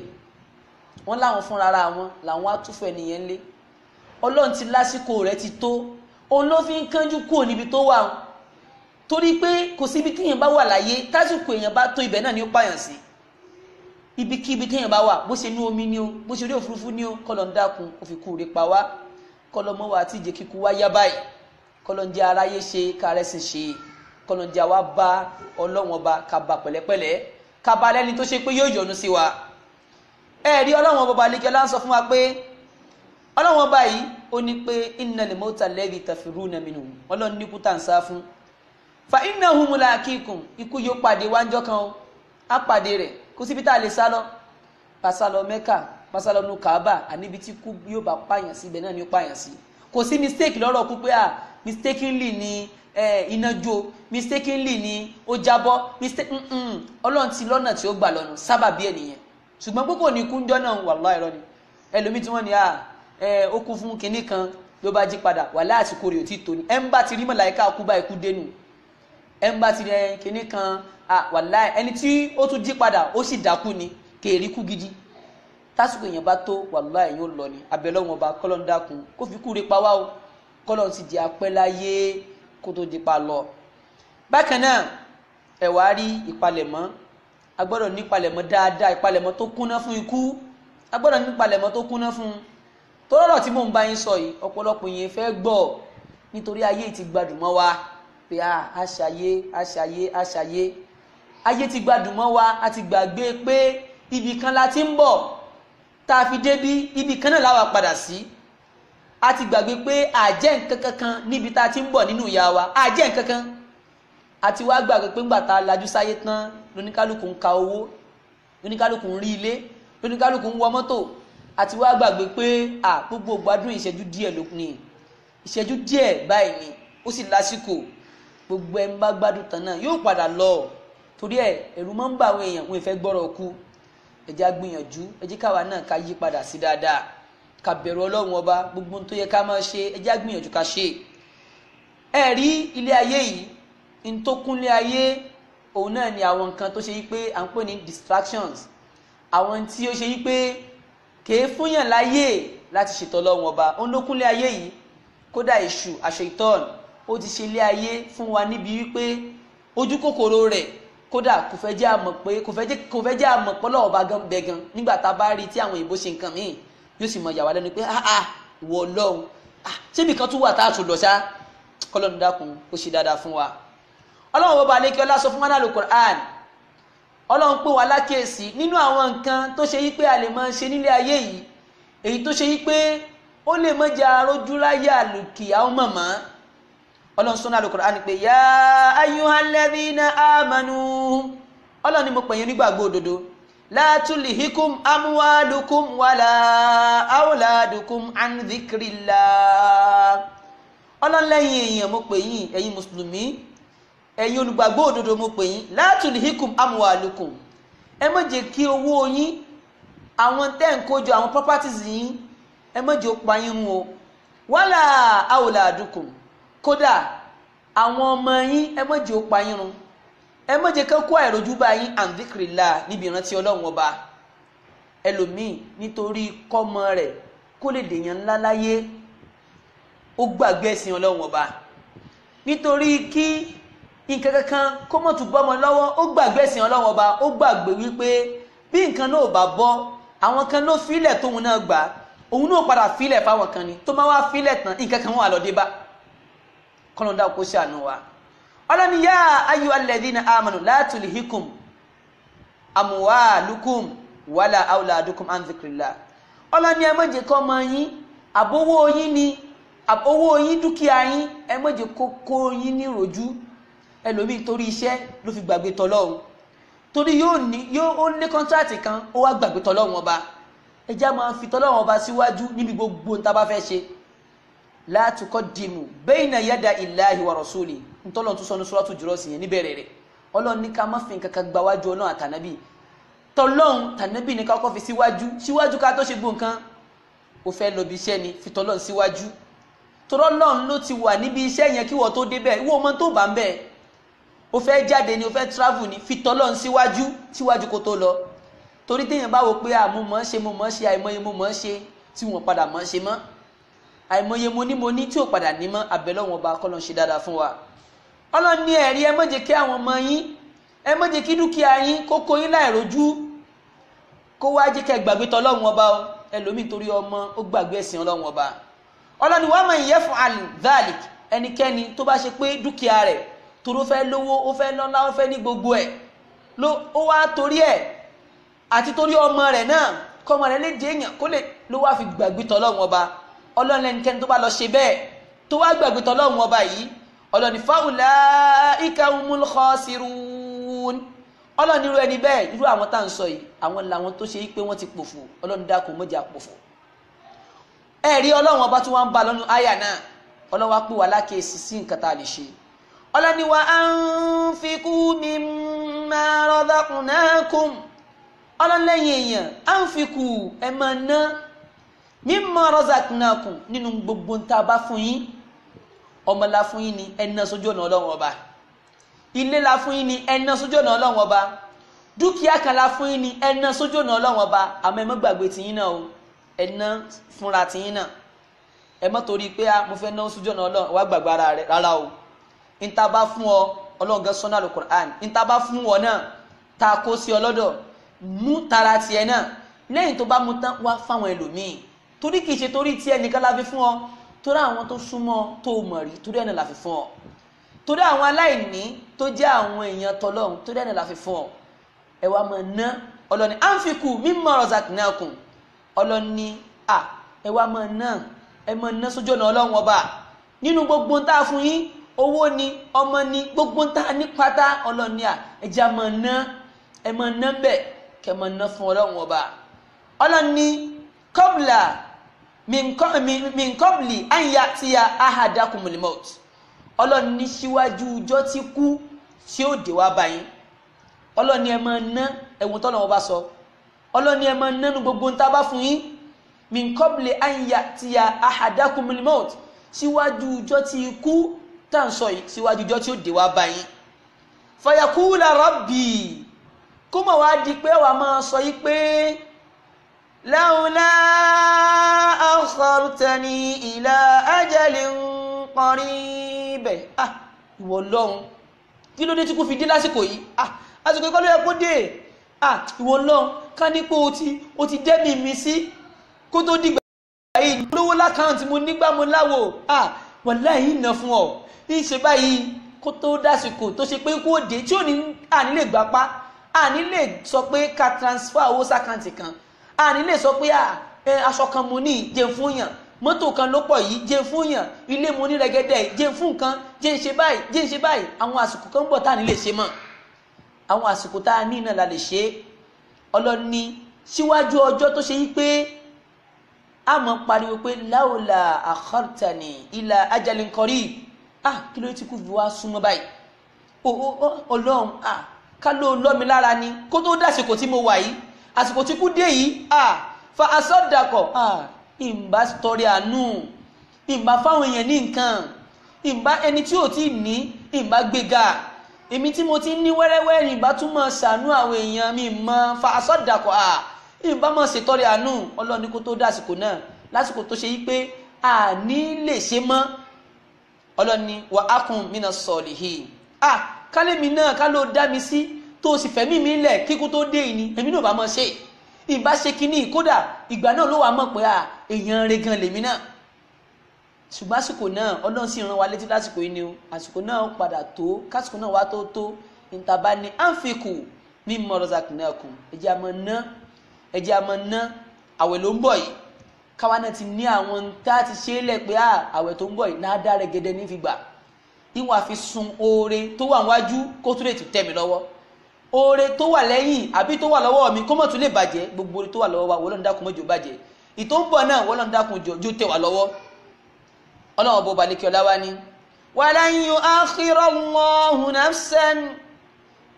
wọ́n láwọn fúnra ara wọn làwọn atúfọ̀ ẹnìyẹn lé ọlọ́run ti lásìkò rẹ̀ ti tó òun ló fi ń kánjú kúrò níbi tó wà torí pé kò síbi téèyàn bá wà láyé tásìkò èèyàn bá tó ibẹ̀ náà ni ó pààyàn sí ibikíbi téèyàn bá wà bó ṣe ní omi ni o bó ṣe orí òfurufú ni o kọlọ̀ ń dákun kò fi rè pa wá kọlọ̀ mọ́ wa àti ìjẹ́ kíkú wá yá báyìí kọlọ̀ ń jẹ́ aráyé ṣe kárẹ́sìn ṣe kọlọ̀ ń jẹ́ àwa bá ọlọ́wọ́n ba ká ba pẹ̀lẹ́pẹ̀lẹ́ ká ba lẹ́ni tó ṣe pé yóò yọ́nú sí wa ẹ̀ẹ́dí ọlọ́wọ́n bọba lẹ́kẹ́ láǹsọ fún wa pé ọlọ́wọ́n báyìí ó ní pé innal mauta alladhi na minhu ọlọ́run ní kúta ń sá fún fa innahu mulaqikum ikú yóò pàdé wájọ́ kan o á pàdé rẹ̀ kó síbi tá a lè sá lọ pàṣà lọ mẹ́kà pàṣà lọ nu kàábà àníbi tí kú yóò bá pààyàn sí ibẹ̀ náà ni ó pààyàn sí kò sí mistake lọ́rọ̀ kú pé à mistakenly ni iná jó mistakenly ni ó jábọ́ mistake ọlọ́run ti lọ́nà tí ó gbà lọ́nu sábàbí ẹ̀ nìyẹn ṣùgbọ́n pé kò ní náà wàláhì irọ́ ni ẹlòmíì ẹ ó kún fún kinní kan ló bá jí padà wà láàsìkò rẹ̀ ò tí tó ní ẹ̀ ń bá ti rí màláíkà kú báyìí kú dénú ẹ̀ ń bá ti rẹ kinní kan wà láì ẹni tí ó tún jí padà ó sì dákú ni kèrí kú gidi tásìkò èèyàn bá tó wà láì yóò lọ ni abẹ́lọ́wọ̀n ọba kọ́lọ́n dákun kó fi kú rí pa wá o kọ́lọ́n sì di apẹ́ láyé kó tó di pa lọ. bákan náà ẹ rí ìpalẹ̀mọ́ a gbọ́dọ̀ nípalẹ̀mọ́ dáadáa ìpalẹ̀mọ́ tó kúnná fún ikú a gbọ́dọ̀ nípalẹ̀mọ́ tó kúnná fún un tọ́lọ́rọ̀ tí mò ń bá yín sọ yìí ọ̀pọ̀lọpọ̀ yẹn fẹ́ gbọ́ nítorí ayé ti gbádùn mọ́ wa pé ah, a aṣàyé aṣàyé aṣàyé ayé ti gbádùn mọ́ wa a ti gbàgbé pé ibì kan la ti ń bọ̀ tá a fi débí ibì kan náà la wà padà sí a ti gbàgbé pé àjẹ́ nǹkan kankan níbi tá a ti ń bọ̀ nínú ìyá wa àjẹ́ nǹkan kan a ti wá gbàgbé pé ńgbà tá a lajú sáyé tán lóníkálukú ń ka owó lóníkálukú ń rí ilé lóníkálukú ń wọ mọ́tò àti wá gbàgbé pé à gbogbo gbádùn ìṣẹ́jú díẹ̀ ló ní ìṣẹ́jú díẹ̀ báyìí ni ó sì lásìkò gbogbo ẹ̀ ń bá gbádùn tán náà yóò padà lọ torí ẹ̀ ẹ̀rù máa ń bá àwọn èèyàn wọn ìfẹ́ gbọ́rọ̀ ku ẹ jẹ́ á gbìyànjú ẹ jẹ́ káwa náà ká yí padà sí dáadáa ká bẹ̀rù ọlọ́run ọba gbogbo tó yẹ ká máa ṣe ẹ gbìyànjú ká ṣe ẹ rí ilé ayé yìí n tó kúnlé ayé òun náà ni àwọn nǹkan tó ṣe yí pé à ń pè ní distractions àwọn tí ó ṣe yí pé kèé fúnyàn láyè láti ṣètò ọlọ́run ọba òun ló kúnlé ayé yìí kódà èṣù àṣetọ́n ó ti ṣe ilé ayé fún wa níbi wípé ojú kòkòrò rẹ̀ kódà kò fẹ́ jẹ́ àmọ̀ pé kò fẹ́ jẹ́ kò fẹ́ jẹ́ àmọ̀ pọ́lọ́ ọba gan bẹ gan nígbà tá a bá rí tí àwọn òyìnbó ṣe nǹkan míì yóò sì mọ ìyàwó lẹ́nu pé ah ah ìwọ ọlọ́run ah ṣébi kan tún wà tá a tún lọ ṣá kọ́lọ́run dákun ó ṣe dáadáa fún wa ọlọ́run ọba alẹ́kẹ́ ọlá sọ fún mọ́nà lùkùrán ọlọ́run pé wà lákèésí nínú àwọn nǹkan tó ṣe wípé a lè máa ṣe nílé ayé yìí èyí tó ṣe wípé ó lè mọ́jà arójúláyà àlùkìyà ó mọ̀mọ́ ọlọ́run sọ́nà Al-Qur'an pé yá ayyuhal ladhina amanu ọlọ́run ni mo pè yín nígbàgbọ́ òdodo la tulhikum amwalukum wala awladukum an ọlọ́run lẹ́yìn èèyàn mo pè yín ẹ̀yin mùsùlùmí ẹ̀yin olùgbàgbọ́ òdodo mo pè yín látùlìhíkùm amwalukum ẹ má jẹ́ kí owó yín àwọn tẹ́ ń kójọ àwọn properties yín ẹ má jẹ́ ó pa yín run o wálà auladukum kódà àwọn ọmọ yín ẹ má jẹ́ ó pa yín run ẹ má jẹ́ kẹ́kọ́ àìrojú bá yín àǹdíkìrìlà níbi ìrántí ọlọ́run ọba ẹlòmíì nítorí kọ́mọ rẹ̀ kó lè dèèyàn ńlá láyé ó gbàgbé ẹ̀sìn ọlọ́run ọba nítorí kí nǹkan kankan kó mọ̀ tún bọ́mọ lọ́wọ́ ó gbàgbé ẹ̀sìn ọlọ́wọ́ ọba ó gbàgbé wípé bí nǹkan náà bá bọ́ àwọn kan ló filẹ̀ tóun náà gbà òun náà padà filẹ̀ fáwọn kan ni tó máa wá filẹ̀ tán nǹkan kan wà lọ́dé bá kọ́lọ́dá kó ṣàánú wa ọlọ́ni yá ayú alladhina amanu la tulhikum amwalukum wàlà awladukum an zikrillah ọlọ́ni ẹ má mọ yín àbówó yín ni àbówó yín dúkìá yín ẹ má yín ní rojú ẹlòmíì torí iṣẹ́ ló fi gbàgbé tọlọ́run torí yóò ní yóò ó ní kọ́ńtráàtì kan ó wá gbàgbé tọlọ́run ọba ẹjá máa fi tọlọ́run ọba síwájú níbi gbogbo tá a fẹ́ ṣe la tuqaddimu bayna yada illahi wa rasuli ntọ́lọ́run tún sọ ní sọ́lá tó jùlọ sí yẹn níbẹ̀rẹ̀ rẹ̀ ọlọ́run ní ká má fi nǹkan kan gbáwájú ọlọ́run àtànábì tọlọ́run tànábì ní ká kọ́ fi síwájú síwájú ká tó ṣe gbó nǹkan ó fẹ́ lọ bí iṣẹ́ ni fi tọlọ́run síwájú tọlọ́run ló ti wà níbi iṣẹ́ yẹn kí wọ́n tó débẹ̀ ìwọ ọmọ tó bá ń bẹ́ẹ̀ o fẹ́ jáde ni o fẹ́ travel ni fi tọ́lọ́run síwájú síwájú kó tó lọ torí téèyàn bá wo pé àmú mọ̀ ṣe mo mọ̀ ṣe àìmọye mo mọ̀ ṣe tí wọ́n padà mọ̀ ṣe mọ́ àìmọye mo ní mo ní tí ò padà ní mọ́ àbẹ̀lọ́wọ̀n ọba kọ́lọ́n ṣe dáadáa fún wa ọlọ́run ní ẹ̀rí ẹ má jẹ́ kí àwọn ọmọ yín ẹ má jẹ́ kí dúkìá yín kó kó yín láì kó wá jẹ́ kẹ́ gbàgbé tọ́lọ́run ọba o ẹlòmíì torí ọmọ ó gbàgbé ẹ̀sìn ọlọ́run ọba ọlọ́run wàá mọ̀ ìyẹ́fun àlì ẹnikẹ́ni tó bá ṣe pé dúkìá rẹ̀ toró fẹ́ lówó ó fẹ́ lọ́lá ó fẹ́ ní gbogbo ẹ̀ ló ó wá torí ẹ̀ àti torí ọmọ rẹ̀ náà kọ́mọ rẹ̀ lè jẹ́ èèyàn kó lè ló wá fi gbàgbé tọ́lọ́run ọba ọlọ́run lẹ́nikẹ́ni tó bá lọ ṣe bẹ́ẹ̀ tó wá gbàgbé tọ́lọ́run ọba yìí ọlọ́ni fáwùlà ìkàwùmùl khasirun ọlọ́ni irú ẹni bẹ́ẹ̀ irú àwọn tá à ń sọ yìí àwọn làwọn tó ṣe pé wọ́n ti pòfò ọlọ́ni dákun mọ́jà pòfò ẹ̀rí ọlọ́run ọba tí wọ́n ń ba lọ́nu àyà náà ọlọ́wà pè wá lákèésí sí nǹkan tá a lè ṣe ọlọ́ni wa anfiqu mimma razaqnakum ọlọ́lẹ́yìn èèyàn anfiqu ẹ máa ná mimma razaqnakum nínú gbogbo tá a bá fún yín ọmọ la fún yín ni ẹ ná sójú ọ̀nà ọlọ́run ọba ilé la fún yín ni ẹ ná sójú ọ̀nà ọlọ́run ọba dúkìá kan la fún yín ni ẹ ná sójú ọ̀nà ọlọ́run ọba àmọ́ ẹ má gbàgbé tìyín náà o ẹ ná fúnra tìyín náà ẹ má torí pé ah, mo fẹ́ ná sójú ọ̀nà ọlọ́run wá gbàgbé rárá o níta bá fún ọ ọlọ́run gan sọ́nà alukur'an níta bá fún ọ náà ta kó sí ọ lọ́dọ̀ mú tara tiẹ̀ náà lẹ́yìn tó bá mu tán wá fáwọn ẹlòmíì torí kìí ṣe torí tiẹ̀ nìkan la fi fún ọ torí àwọn tó súnmọ́ tó mọ̀ rí torí ẹ̀ náà la fi fún ọ torí àwọn aláìní tó jẹ́ àwọn èèyàn tọlọ́run torí ẹ̀ náà la fi fún ọ ẹ wá máa ná ọlọ́ni àǹfikù mímọ́ razaqnakum ọlọ́ni à ẹ máa ná ẹ máa ná sójú ọ̀nà ọlọ́run ọba nínú gbogbo tá a fún yín owó ni ọmọ ni gbogbo ń ta ní pátá ọlọ́ni à ẹja mọ̀ ná ẹ mọ̀ ná bẹ̀ kẹ mọ̀ ná fún ọlọ́run ọba ọlọ́ni kọ́bùlà mìǹkọ́bùlì àyà ti ya ahàdá kùmùlìmọ́t ọlọ́ni síwájú ọjọ́ tí kú tí ó dé wá báyìí ọlọ́ni ẹ mọ̀ ná ẹ̀wọ̀n tọ́lọ́run ọba sọ ọlọ́ni ẹ mọ̀ ná nu gbogbo ta bá fún yín mìǹkọ́bùlì àyà ti ya ahàdá kùmùlìmọ́t síwájú ọjọ́ tí kú tá à ń sọ yìí síwájú ọjọ́ tí ó dé wá báyìí fayakula rabbi kó mọ̀ wá di pé wàá máa sọ yìí pé lawla akhartani ila ajalin qarib ah ìwọ lọ́hùn kí ló dé tí kò fi dé lásìkò yìí ah lásìkò yìí yẹ kó dé ah ìwọ lọ́hùn ká ní pé o ti o ti dẹ́mi mi sí kó tó dìgbà yìí lówó lákàntì mo nígbà mo láwo ah wàláhì ná fún ọ tí ṣe báyìí kó tó dásìkò tó ṣe pé kó dé tí ò ní àní lè gbapá àní lè sọ pé ká transfer owó sàkáǹtì kan àní lè sọ pé aṣọ kan mo ní jẹun fún yàn mọ́tò kan ló pọ̀ yìí jẹ́ fún yàn ilé mo ní rẹ́gẹ́dẹ́ jẹ́ fún nǹkan jẹ́ ń ṣe báyìí jẹ́ ń ṣe báyìí àwọn àsìkò kan ń bọ̀ tá ní lè ṣe mọ́ àwọn àsìkò tá a ní náà la lè ṣe ọlọ́ni síwájú ọjọ́ tó ṣe yí pé a pariwo pé láòlà àkọ́tàní ìlà ajalin qarib ah kí ló ti kú fi wá súnmọ́ báyìí ọlọ́run ah ká ló lọ́mi lára ni kó tó dàsìkò tí mo wà yìí àsìkò tí kú dé yìí ah fa asọ́dàkọ̀ ah ìmbá tọrẹ àánú ìmbá fáwọn èèyàn ní nǹkan ìmbá ẹni tí ò tí ì ní ìmbá gbéga èmi tí mo ti ń ní wẹ́rẹ́wẹ́ ní tún máa ṣàánú àwọn èèyàn mi mọ́ fa asọ́dàkọ̀ à ah, ìbá máa ṣètọrẹ àánú ọlọ́ni kó tó dàsìkò náà lásìkò tó ṣe yí pé àní lè ṣe mọ́ ọlọ́ni wà á kún mí náà salihin à kálẹ̀mí náà ká ló dá mi sí tó o sì fẹ̀mí mi lẹ̀ kíkú tó dé yìí ni èmi náà bá mọ̀ ṣe ìbá ṣe kínní kódà ìgbà náà ló wà mọ̀ pé à èèyàn rẹ̀ gan lèmi náà ṣùgbọ́n àsìkò náà ọlọ́run sì rán wa létí lásìkò yìí ni o àsìkò náà padà tó kásìkò náà wá tó tó ìtàbá ni àǹfikù mímọ́ rọ́ṣàkì náà kù ẹ̀jẹ̀ àmọ́ ná ẹ̀jẹ̀ àmọ́ ná àwẹ̀ ló ń bọ̀ yìí káwa náà ti ní àwọn tá a ti ṣe é lẹ̀ pé àwẹ̀ tó ń bọ̀ yìí náà dá rẹ̀gẹ̀dẹ̀ ní fi gbà ìwọ̀n àfi sun oore tó wà wájú kó tún lè tún tẹ̀ mí lọ́wọ́ oore tó wà lẹ́yìn àbí tó wà lọ́wọ́ mi kó mọ̀ tún lè bàjẹ́ gbogbo oore tó wà lọ́wọ́ wa wọ́n lọ́n dákun mọ́jọ bàjẹ́ ìtò ń bọ̀ náà wọ́n lọ́n dákun jọ tẹ̀ wá lọ́wọ́ ọlọ́run bó nafsan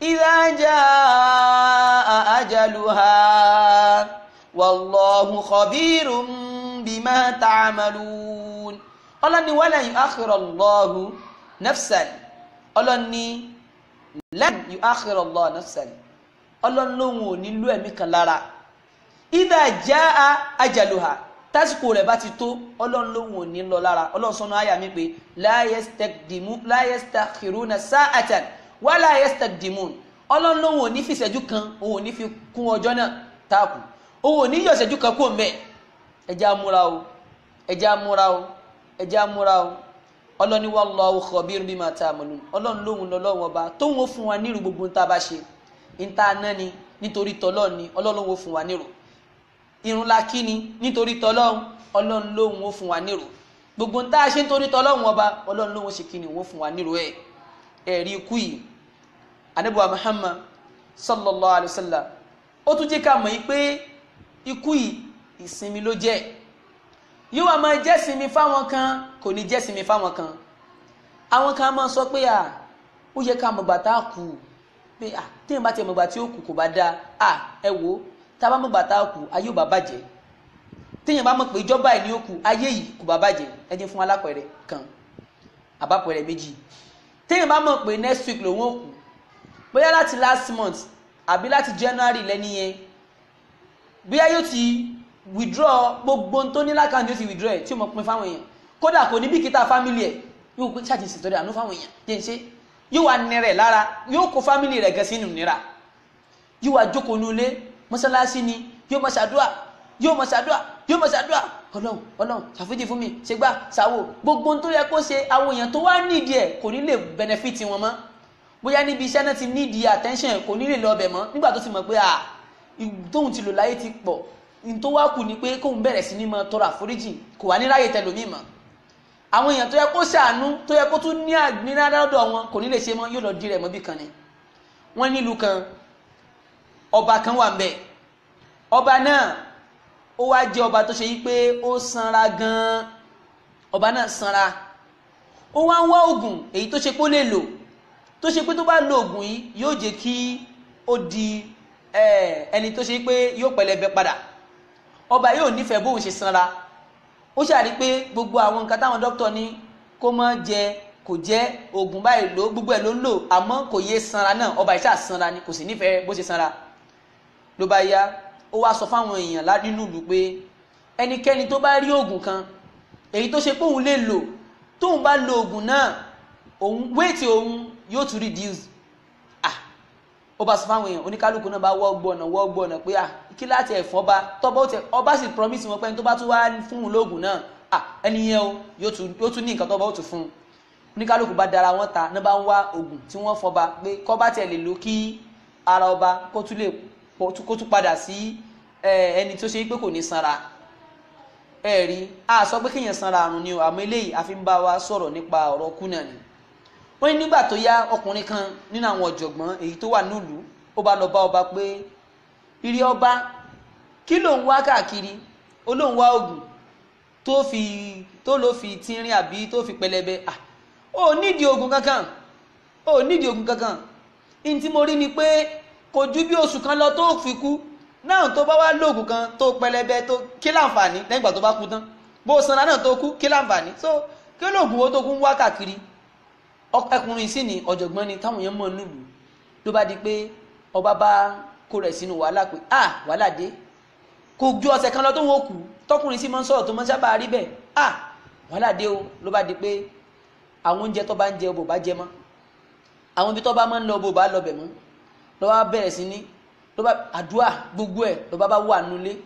idha jaa wallahu khabirum bima ta'malun ọlọ́ni wala yu'akhir Allahu nafsan ọlọ́ni lan yu'akhir Allahu nafsan ọlọ́ni lóhun ò nílò ẹ̀mí kan lára ìdá jaa ajaluha tásìkò rẹ̀ bá ti tó ọlọ́run lóhun ò ní lọ lára ọlọ́run sọ́nà àyà mi pé la yastakdimun la yastakhiruna sa'atan wa la yastakdimun ọlọ́run lóhun ò ní fi ìṣẹ́jú kan òun ò ní fi kún ọjọ́ náà táàkù o ò ní yọ̀ṣẹ́jú kan kó mẹ́ ẹja múra o ẹja múra o ẹja múra o ọlọ́ni wallahu khabirun bima ta'malun ọlọ́run lóhun lọ́lọ́run ọba tóun ó fún wa nírú gbogbo ń tá a bá ṣe ń tá a ná ni nítorí tọ́lọ́run ni ọlọ́run ó fún wa nírú irun la kí ni nítorí tọ́lọ́run ọlọ́run lóhun ó fún wa nírú gbogbo ń tá a ṣe nítorí tọ́lọ́run ọba ọlọ́run lóhun ṣe kí ni òun ó fún wa nírú ẹ̀ ẹ̀rí ikú yìí anabuwa Muhammad sallallahu alayhi wa sallam ó tún jẹ́ ká mọ̀ yí pé ikú yìí ìsinmi ló jẹ́ yóò wá máa jẹ́ sinmi fáwọn kan kò ní jẹ́ fáwọn kan àwọn kan máa sọ pé à ó yẹ ká mọ̀gbà tá a kú pé à téèyàn bá ti mọ̀gbà tí ó kù kò bá dáa à ẹ wò ó tá a bá mọ̀gbà tá a kù ayé ò bá bàjẹ́ téèyàn bá mọ̀ pé ìjọba ẹ̀ ní ó kù ayé yìí kò bá bàjẹ́ ẹ jẹ́ fún alápẹ̀rẹ̀ kan àbápẹ̀rẹ̀ méjì téèyàn bá mọ̀ pé next week lòun ò kù bóyá láti last month àbí láti January lẹ́ni yẹn bí ayé ti withdraw gbogbo tó ní lákàntì ó ti withdraw ẹ̀ tí ó mọ̀ pin fáwọn èèyàn kódà kò ní bìkítà fámìlì ẹ̀ yóò pé ṣáàtì ṣètọ́jú àánú fáwọn èèyàn jẹ́ ń ṣe yóò wá nírẹ̀ lára yóò kó fámìlì rẹ̀ gẹ̀ẹ́sì nù nira yóò wá jókòó nulẹ̀ mọ́sálásí ni yóò máa ṣàdúrà yóò máa ṣàdúrà yóò máa ṣàdúrà ọlọ́run ọlọ́run ṣàfíjì fún mi ṣe gbá ṣàwò gbogbo ohun tó yẹ kó ṣe àwọn èèyàn tó wá nídìí ẹ̀ kò ní lè benefit wọn mọ́ bóyá níbi iṣẹ́ náà ti nídìí attention kò ní lè lọ ọbẹ̀ mọ́ nígbà tó ti mọ̀ pé ah tóun ti lò láyé ti pọ̀ ntó wá kù ni pé kóun bẹ̀rẹ̀ sí ní máa tọrọ àforíjì kò wá ní láyé tẹlómìn àwọn èèyàn tó yẹ kó ṣàánú tó yẹ kó tún ní àgbínádá wọn kò ní lè ṣe mọ́ yóò lọ di rẹ̀ mọ́bí kan ni wọ́n nílùú kan ọba kan wà ń bẹ̀ ọba náà ó wá jẹ́ ọba tó ṣe yí pé ó sanra gan-an ọba náà sanra ó wá ń wá oògùn èyí tó ṣe pé lè lò tó ṣe pé tó bá lo oògùn yìí yóò jẹ́ kí ó di Eh, ẹni tó ṣe pé yóò pẹlẹbẹ padà ọba yóò nífẹ̀ẹ́ bóun ṣe sanra ó ṣàrí pé gbogbo àwọn nǹkan táwọn dókítà ní kó má jẹ kò jẹ oògùn báyìí ló gbogbo ẹ̀ ló ń lò àmọ́ kò yé sanra náà ọba ìṣá sanra ni kò sì nífẹ̀ẹ́ bó ṣe sanra ló bá yá ó wá sọ fáwọn èèyàn nínú ìlú pé ẹnikẹ́ni tó bá rí oògùn kan èyí tó ṣe pé òun lè lò tóun bá lo oògùn náà òun wéètì òun yóò tún reduce ó bá sọ fáwọn èèyàn oníkálukú náà bá wọ́ gbọ́nà wọ́ gbọ́nà pé à ah, kí láti ẹ̀fọ́ bá tọ́bọ̀ tẹ ọba sì promise wọn pé tó bá tún wá fún un lóògùn náà à ah, ẹni yẹn o yóò tún ní nǹkan tọ́bọ̀ ó tún fún un oníkálukú bá dara wọn ta náà bá ń wá oògùn tí wọ́n fọba pé kọ́ bá tiẹ̀ lè lò kí ara ọba kó tún lè kó tún padà sí ẹni tó ṣe pé kò ní sanra ẹ̀rí a sọ pé kéèyàn sanra àrùn ni o àmọ́ eléyìí wọ́n ní nígbà tó yá ọkùnrin kan nínú àwọn ọ̀jọ̀gbọ́n èyí tó wà nílùú ó bá lọ bá ọba pé ìrí ọba kí ló ń wá káàkiri ó ló ń wá oògùn tó fi tó ló fi tínrín àbí tó fi pẹlẹbẹ ah ó nídìí oògùn kankan ó nídìí oògùn kankan ní tí mo rí ni pé kò ju bí oṣù kan lọ tó fi kú náà tó bá wá lóògùn kan tó pẹlẹbẹ tó kí láǹfààní lẹ́yìn ìgbà tó bá kú tán bó sanra náà tó kú kí láǹfààní so kí lóògùn wo tó kú wá káàkiri ọkùnrin sí ni ọ̀jọ̀gbọ́n ni táwọn èèyàn mọ̀ nílùú ló bá di pé ọba bá kó rẹ̀ sínú wàhálà pé à wàhálà dé kò ju ọ̀sẹ̀ kan lọ tó wọ́n kú tọkùnrin sí máa ń sọ̀rọ̀ tó máa ń sábà rí bẹ́ẹ̀ à wàhálà dé o ló bá di pé àwọn oúnjẹ tó bá ń jẹ ọbọ̀ bá jẹ mọ́ àwọn ibi tó bá máa ń lọ ọbọ̀ bá lọ bẹ̀ mọ́ ló bá bẹ̀rẹ̀ sí ní ló bá àdúrà gbogbo ẹ̀ ló bá bá wà nulẹ̀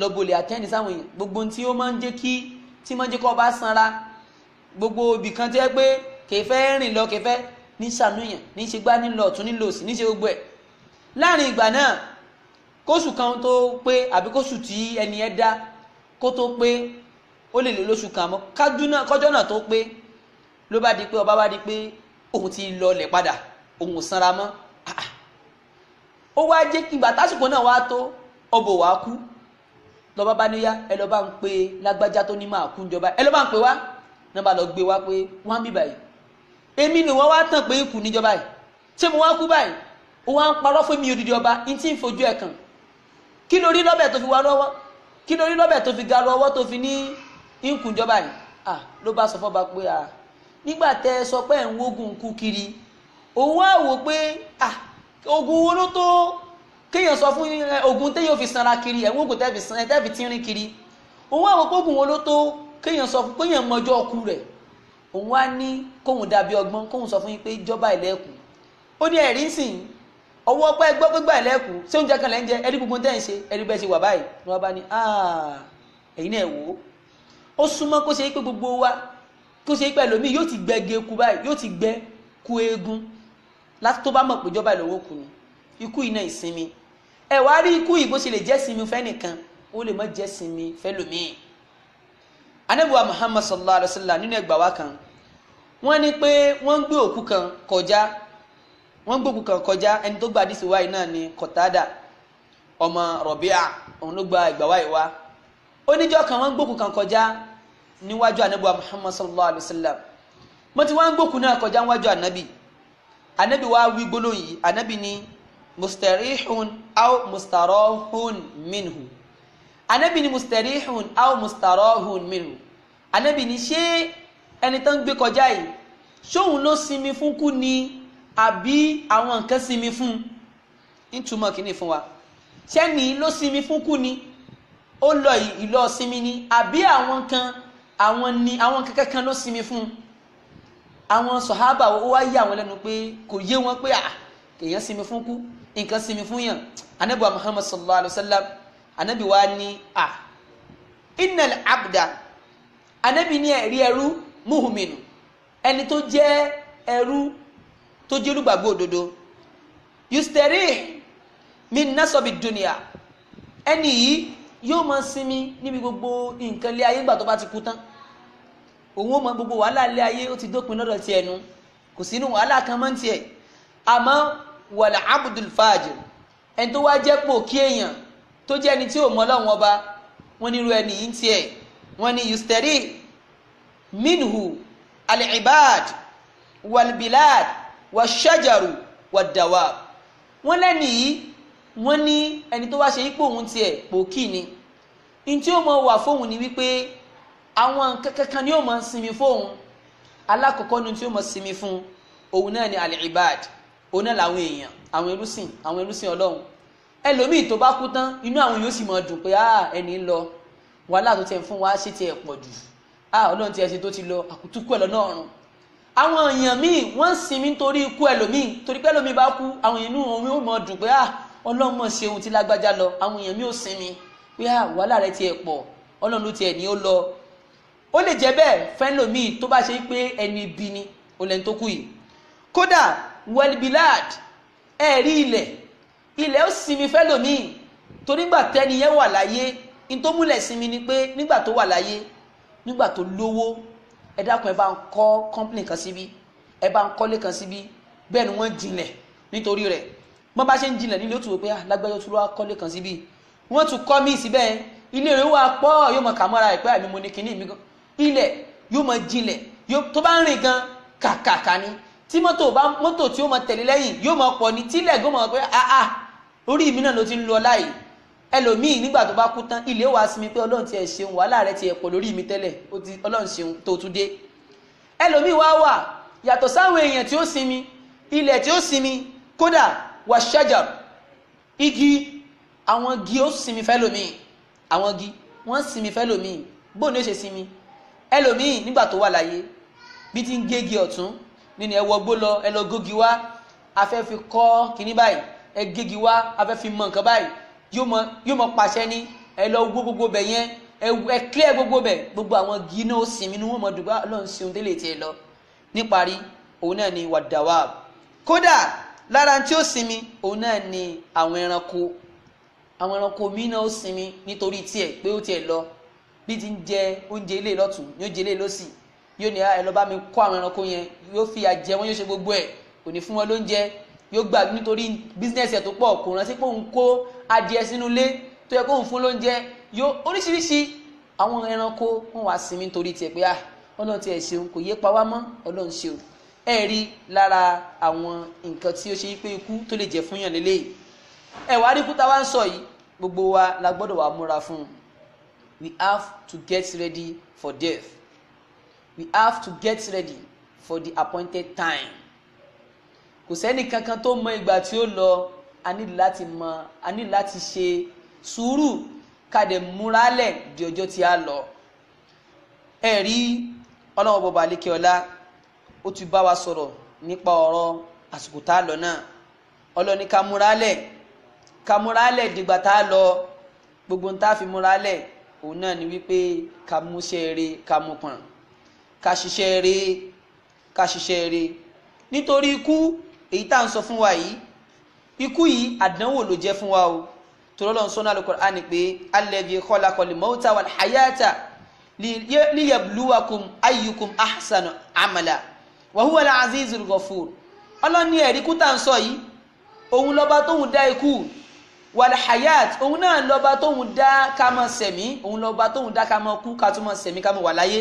lọ́bọ̀lẹ̀ àtẹ́ǹdì sáwọn èèyàn gbogbo tí ó máa ń jẹ́ kí tí máa ń jẹ́ kó ọba sanra gbogbo ibì kan tẹ́ pé kẹfẹ́ rìn lọ kẹfẹ́ ní sànúyàn ní ṣe gbá nílò ọ̀tún nílò òsì ní ṣe gbogbo ẹ̀ láàrin ìgbà náà kóṣù kan tó pé àbí kóṣù tí ẹni ẹ dá kó tó pé ó lè lò lóṣù kan mọ́ kọjọ́ náà tó pé ló bá di pé ọba bá di pé òun ti lọlẹ̀ padà òun ò sanra mọ́ ó wá jẹ́ kí ìgbà tásìkò náà wá tó ọbọ̀ wá kú lọ́ba bá níyá ẹ lọ́ba ń pe lágbájá tó ní máa kú ń jọba ẹ lọ́ba ń pe wá náà bá lọ gbé wá pé wọ́n á báyìí èmi ni wọ́n wá tàn pé ikú níjọba yìí ṣé mo wá kú báyìí ó wá ń parọ́ fún mi odidi ọba n tí ń fojú ẹ̀ kàn kí ló rí lọ́bẹ̀ tó fi wá lọ́wọ́ kí ló rí lọ́bẹ̀ tó fi ga lọ́wọ́ tó fi ní ikú níjọba yìí à ló bá sọ fọ́ba pé à nígbà tẹ ẹ sọ pé ẹ̀ ń wógun kú kiri òun á wò pé à ogun wo ló tó kéèyàn sọ fún ogun téèyàn fi sanra kiri ẹ̀ ń wógun tẹ́ san ẹ̀ tẹ́ fi tínrín kiri òun á wò pé ogun wo ló tó kéèyàn sọ fún kéèyàn mọjọ́ ọkú rẹ̀ òun á ní kóhun dàbí ọgbọ́n kóhun sọ fún yín pé ìjọba ìlẹ́kùn ó ní ẹ̀rí sìn ọwọ́ ọpẹ́ gbọ́ gbígbà ìlẹ́kùn ṣé oúnjẹ kan lẹ́ ń jẹ ẹ̀rí gbogbo tẹ́ ń ṣe ẹ̀rí bẹ́ẹ̀ ṣe wà báyìí ni wọ́n bá ní ẹ̀yin náà wò ó ó súnmọ́ kó ṣe pé gbogbo wa kó ṣe pé ẹlòmíì yóò ti gbẹ geku báyìí yóò ti gbẹ ku eegun láti tó bá mọ̀ pé ìjọba ìlọ́wọ́ kù ikú iná ìsinmi ẹ wá rí ikú yìí bó ṣe lè jẹ́ sinmi fẹ́nìkan ó lè má jẹ́ sinmi fẹ́lòmíì anábìwá Muhammad sallallahu alayhi wa sallam nínú ẹgbàá wa kan wọ́n ní pé wọ́n ń gbé òkú kan kọjá wọ́n ń gbé òkú kan kọjá ẹni tó gba àdìsí wáyé náà ni kọ̀tádà ọmọ rọ̀bíà òun ló gba ìgbà wáyé wá oníjọ́ kan wọ́n gbé òkú kan kọjá níwájú anábìwá Muhammad sallallahu alayhi wa sallam mo ti wá gbé òkú náà kọjá níwájú anábì anábì wá wí gbólóhùn yìí anábì ni mustarihun aw mustarahun minhu anábì ni mustarihun aw mustarahun minhu anábì ni ṣé ẹni tán gbé kọjá yìí ṣóun ló sinmi fún kú ni àbí àwọn nǹkan sinmi fún un ìtumọ̀ kìíní fún wa ṣẹ́ni ló sinmi fún kú ni ó lọ ìlọ sinmi ni àbí àwọn kan àwọn ni àwọn kankan kan ló sinmi fún un àwọn sọ̀hábà ó wá yí àwọn lẹ́nu pé kò yé wọn pé à ah, èèyàn sinmi fún kú nǹkan sinmi fún yàn anabi wa muhammad sallallahu alaihi wa sallam anabi wa ni à ah, innal abda anabi ni ẹ̀rí ẹrú muhuminu ẹni tó jẹ́ ẹrú tó jẹ́ olùgbàgbọ́ òdodo yusteri min nasobi dunia ẹni yìí yóò máa sinmi níbi gbogbo nǹkan lé ayé ńgbà tó bá ti kú tán òun ó mọ gbogbo wàhálà lé ayé ó ti dópin lọ́dọ̀ tiẹ̀ nu kò sínú wàhálà kan mọ́ tiẹ̀ àmọ́ wàlà abdul fajr ẹni tó wá jẹ́ pò kí èèyàn tó jẹ́ ẹni tí ò mọ Ọlọ́run ọba wọn nírú ẹni yìí tiẹ̀ wọn ni yusteri minhu alibad walbilad washajaru wadawab wọ́n lẹ́nu yìí wọ́n ní ẹni tó wá ṣe ipò òun tiẹ̀ pòkì ni n tí ó mọ wà fóun ni wípé àwọn kankan ni ó mọ sinmi fóun alákọ̀ọ́kọ́ ni tí ó mọ sinmi fún òun náà ni alibad òun náà làwọn èèyàn àwọn ẹrúsìn àwọn ẹrúsìn ọlọ́run ẹlòmíì tó bá kú tán inú àwọn yóò sì mọ dùn pé ah, ẹni ń lọ wàhálà tó tiẹ̀ fún wa ṣe tiẹ̀ pọ̀ jù ah ọlọ́run ti ẹ̀ ṣe tó ti lọ àkútú kú ẹ̀ lọ́nà ọ̀run àwọn èèyàn míì wọ́n sinmi nítorí ikú ẹlòmíì torí pé ẹlòmíì bá kú àwọn èèyàn inú òun yóò mọ̀ dùn pé ah ọlọ́run mọ̀ ṣe ohun tí lágbájá lọ àwọn èèyàn míì ò sinmi pé ah wàhálà rẹ ti ẹ̀ pọ̀ ọlọ́run ló ti ẹ̀ ní ó lọ ó lè jẹ́ bẹ́ẹ̀ fẹ́lòmíì tó bá ṣe pé ẹni ibi ni olẹ́ni tó kú yìí kódà wẹlbilad ẹ̀rí ilẹ̀ ilẹ̀ ó sinmi fẹ́lòmíì torí nígbà tẹ́ni wà láyé ní tó múlẹ̀ sinmi ni pé nígbà tó wà láyé nígbà tó lówó ẹ dákun ẹ bá ń kọ́ kọ́ńpìnì kan síbí ẹ bá ń kọ́lé kan síbí bẹ́ẹ̀ ni wọ́n jinlẹ̀ nítorí rẹ̀ wọ́n bá ṣe ń jinlẹ̀ nílé ó tún wò pé ah, lágbájọ́ tún wá kọ́lé kan síbí wọ́n tún kọ́ míì síbẹ̀ ilé rẹ̀ wà pọ̀ yóò mọ̀ kàmọ́ra ẹ̀ pé àmì ah, mo ní kinní mi ilẹ̀ yóò mọ̀ jinlẹ̀ tó bá ń rìn gan kàkàkà ni tí mọ́tò bá mọ́tò tí ó mọ̀ tẹ̀lé lẹ́yìn yóò mọ̀ pọ̀ ní tílẹ̀ gbọ́mọ̀ pé ah ah orí mi náà ló ti ń lọ láyìí ẹlòmíì nígbà tó bá kú tán ilé wa sinmi pé ọlọ́run ti ẹ̀ ṣeun wàhálà rẹ ti ẹ̀ pọ̀ lórí mi tẹ́lẹ̀ ọlọ́run ṣeun tó tún dé ẹlòmíì wá wà yàtọ̀ sáwọn èèyàn tí ó sinmi ilẹ̀ tí ó sinmi kódà wà ṣẹ́jà igi àwọn igi ó sinmi fẹ́lòmíì àwọn igi wọ́n sinmi fẹ́lòmíì bóun ni ó ṣe sinmi ẹlòmíì nígbà tó wà láyé bí ti ń gégi ọ̀tún nínú ẹ wọgbó lọ ẹ lọ gógi wá afẹ́ fi kọ́ kinní báyìí ẹ gégi wá afẹ́ fi mọ nǹkan báyìí yóò mọ pàṣẹ ní ẹ lọ wó gbogbo bẹ yẹn ẹ ẹ clear gbogbo bẹ gbogbo àwọn igi náà ó sinmi ni wọn mọ dùgbà ah, Ọlọ́run ṣeun délé tiẹ lọ níparí òun náà ni wàdàwà kódà lára tí ó sinmi òun náà ni àwọn ẹranko àwọn ẹranko mi náà ó sinmi nítorí tiẹ pé ó tiẹ lọ bí ti ń jẹ oúnjẹ ilé lọ́tún yóò jẹ ilé lọ́sì yóò ní ah, ẹ lọ bá mi kó àwọn ẹranko yẹn yóò fìyà jẹ wọn yóò ṣe gbogbo ẹ kò fún wọn lóúnjẹ yóò gbà nítorí bísínẹ́sì ẹ̀ tó pọ̀ kò rántí pé òun kó adìẹ sínú ilé tó yẹ kó òun fún lóúnjẹ yóò oríṣiríṣi àwọn ẹranko wọn wá sinmi nítorí tiẹ̀ pé ah, ọlọ́run tiẹ̀ ṣeun kò yé pa mọ́ ọlọ́run ṣeun ẹ rí lára àwọn nǹkan tí ó ṣe pé ikú tó lè jẹ́ fún yàn lélẹ́yìí ẹ wá rí ikú wá ń sọ yìí gbogbo wa la gbọ́dọ̀ wá múra fún we have to get ready for death we have to get ready for the appointed time kò sẹ́ni kankan tó mọ ìgbà tí ó lọ a ní láti mọ a ní láti ṣe sùúrù kàdé múralẹ̀ di ọjọ́ tí a lọ ẹ̀rí ọlọ́wọ́ bọ̀bà alékeọlá ó ti bá wa sọ̀rọ̀ nípa ọ̀rọ̀ àsìkò tá a lọ náà ọlọ́ni ká múralẹ̀ ká múralẹ̀ dìgbà tá a lọ gbogbo ń tá a fi múralẹ̀ òun náà ni wípé ká múṣẹ́ eré ká mú pọ̀n ká ṣiṣẹ́ eré ká ṣiṣẹ́ eré nítorí ikú èyí tá à ń sọ fún wa yìí ikú yìí àdánwò ló jẹ́ fún wa o tòlọ́lọ́ ń sọ náà Al-Qur'an ni pé alladhi khalaqal mawta wal hayata liyabluwakum ayyukum ahsanu amala wa huwa al-azizul ọlọ́ni ẹ̀rí kú tá à ń sọ yìí òun lọ́ba tóun dá ikú wal hayat òun náà lọ́ba tóun dá ká sẹ̀mí òun lọ́ba tóun dá ká kú ká sẹ̀mí ká wà láyé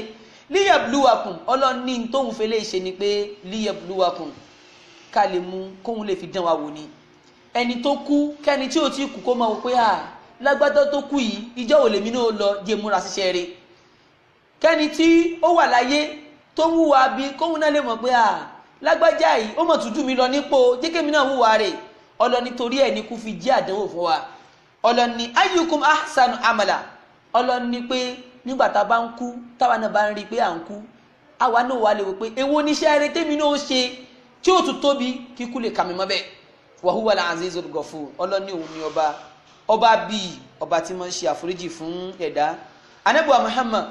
liyabluwakum ọlọ́ni tóun fẹ́lẹ́ ṣe ni pé liyabluwakum ká lè mú kóhun lè fi dán wa wò ni ẹni tó kú kẹ́ni tí ò tí kú kó máa wò pé à lágbádá tó kú yìí ìjọ ò lèmi náà lọ jẹ múra ṣiṣẹ́ rẹ̀ kẹ́ni tí ó wà láyé tó ń wúwa bí kóhun náà lè mọ̀ pé à lágbájá yìí ó mọ̀ tún jù lọ nípò jẹ́kẹ́mi náà wúwa rẹ̀ ọlọ́ni torí ẹ̀ ní kú fi jẹ́ àdánwò fún wa ọlọ́ni ayyukum ahsanu amala ọlọ́ni pé nígbà tá a bá ń kú táwa náà bá ń rí i pé à ń kú àwa náà wà lè wò pé èwo níṣẹ́ rere tèmi náà ó ṣe tí ó tún tóbi kíkú lè kàmí mọ́ bẹ́ẹ̀ wàhúwà là azizul gafur ọlọ́ni òun ni ọba ọba bíi ọba tí wọ́n ṣe àforíjì fún ẹ̀dá anabi muhammad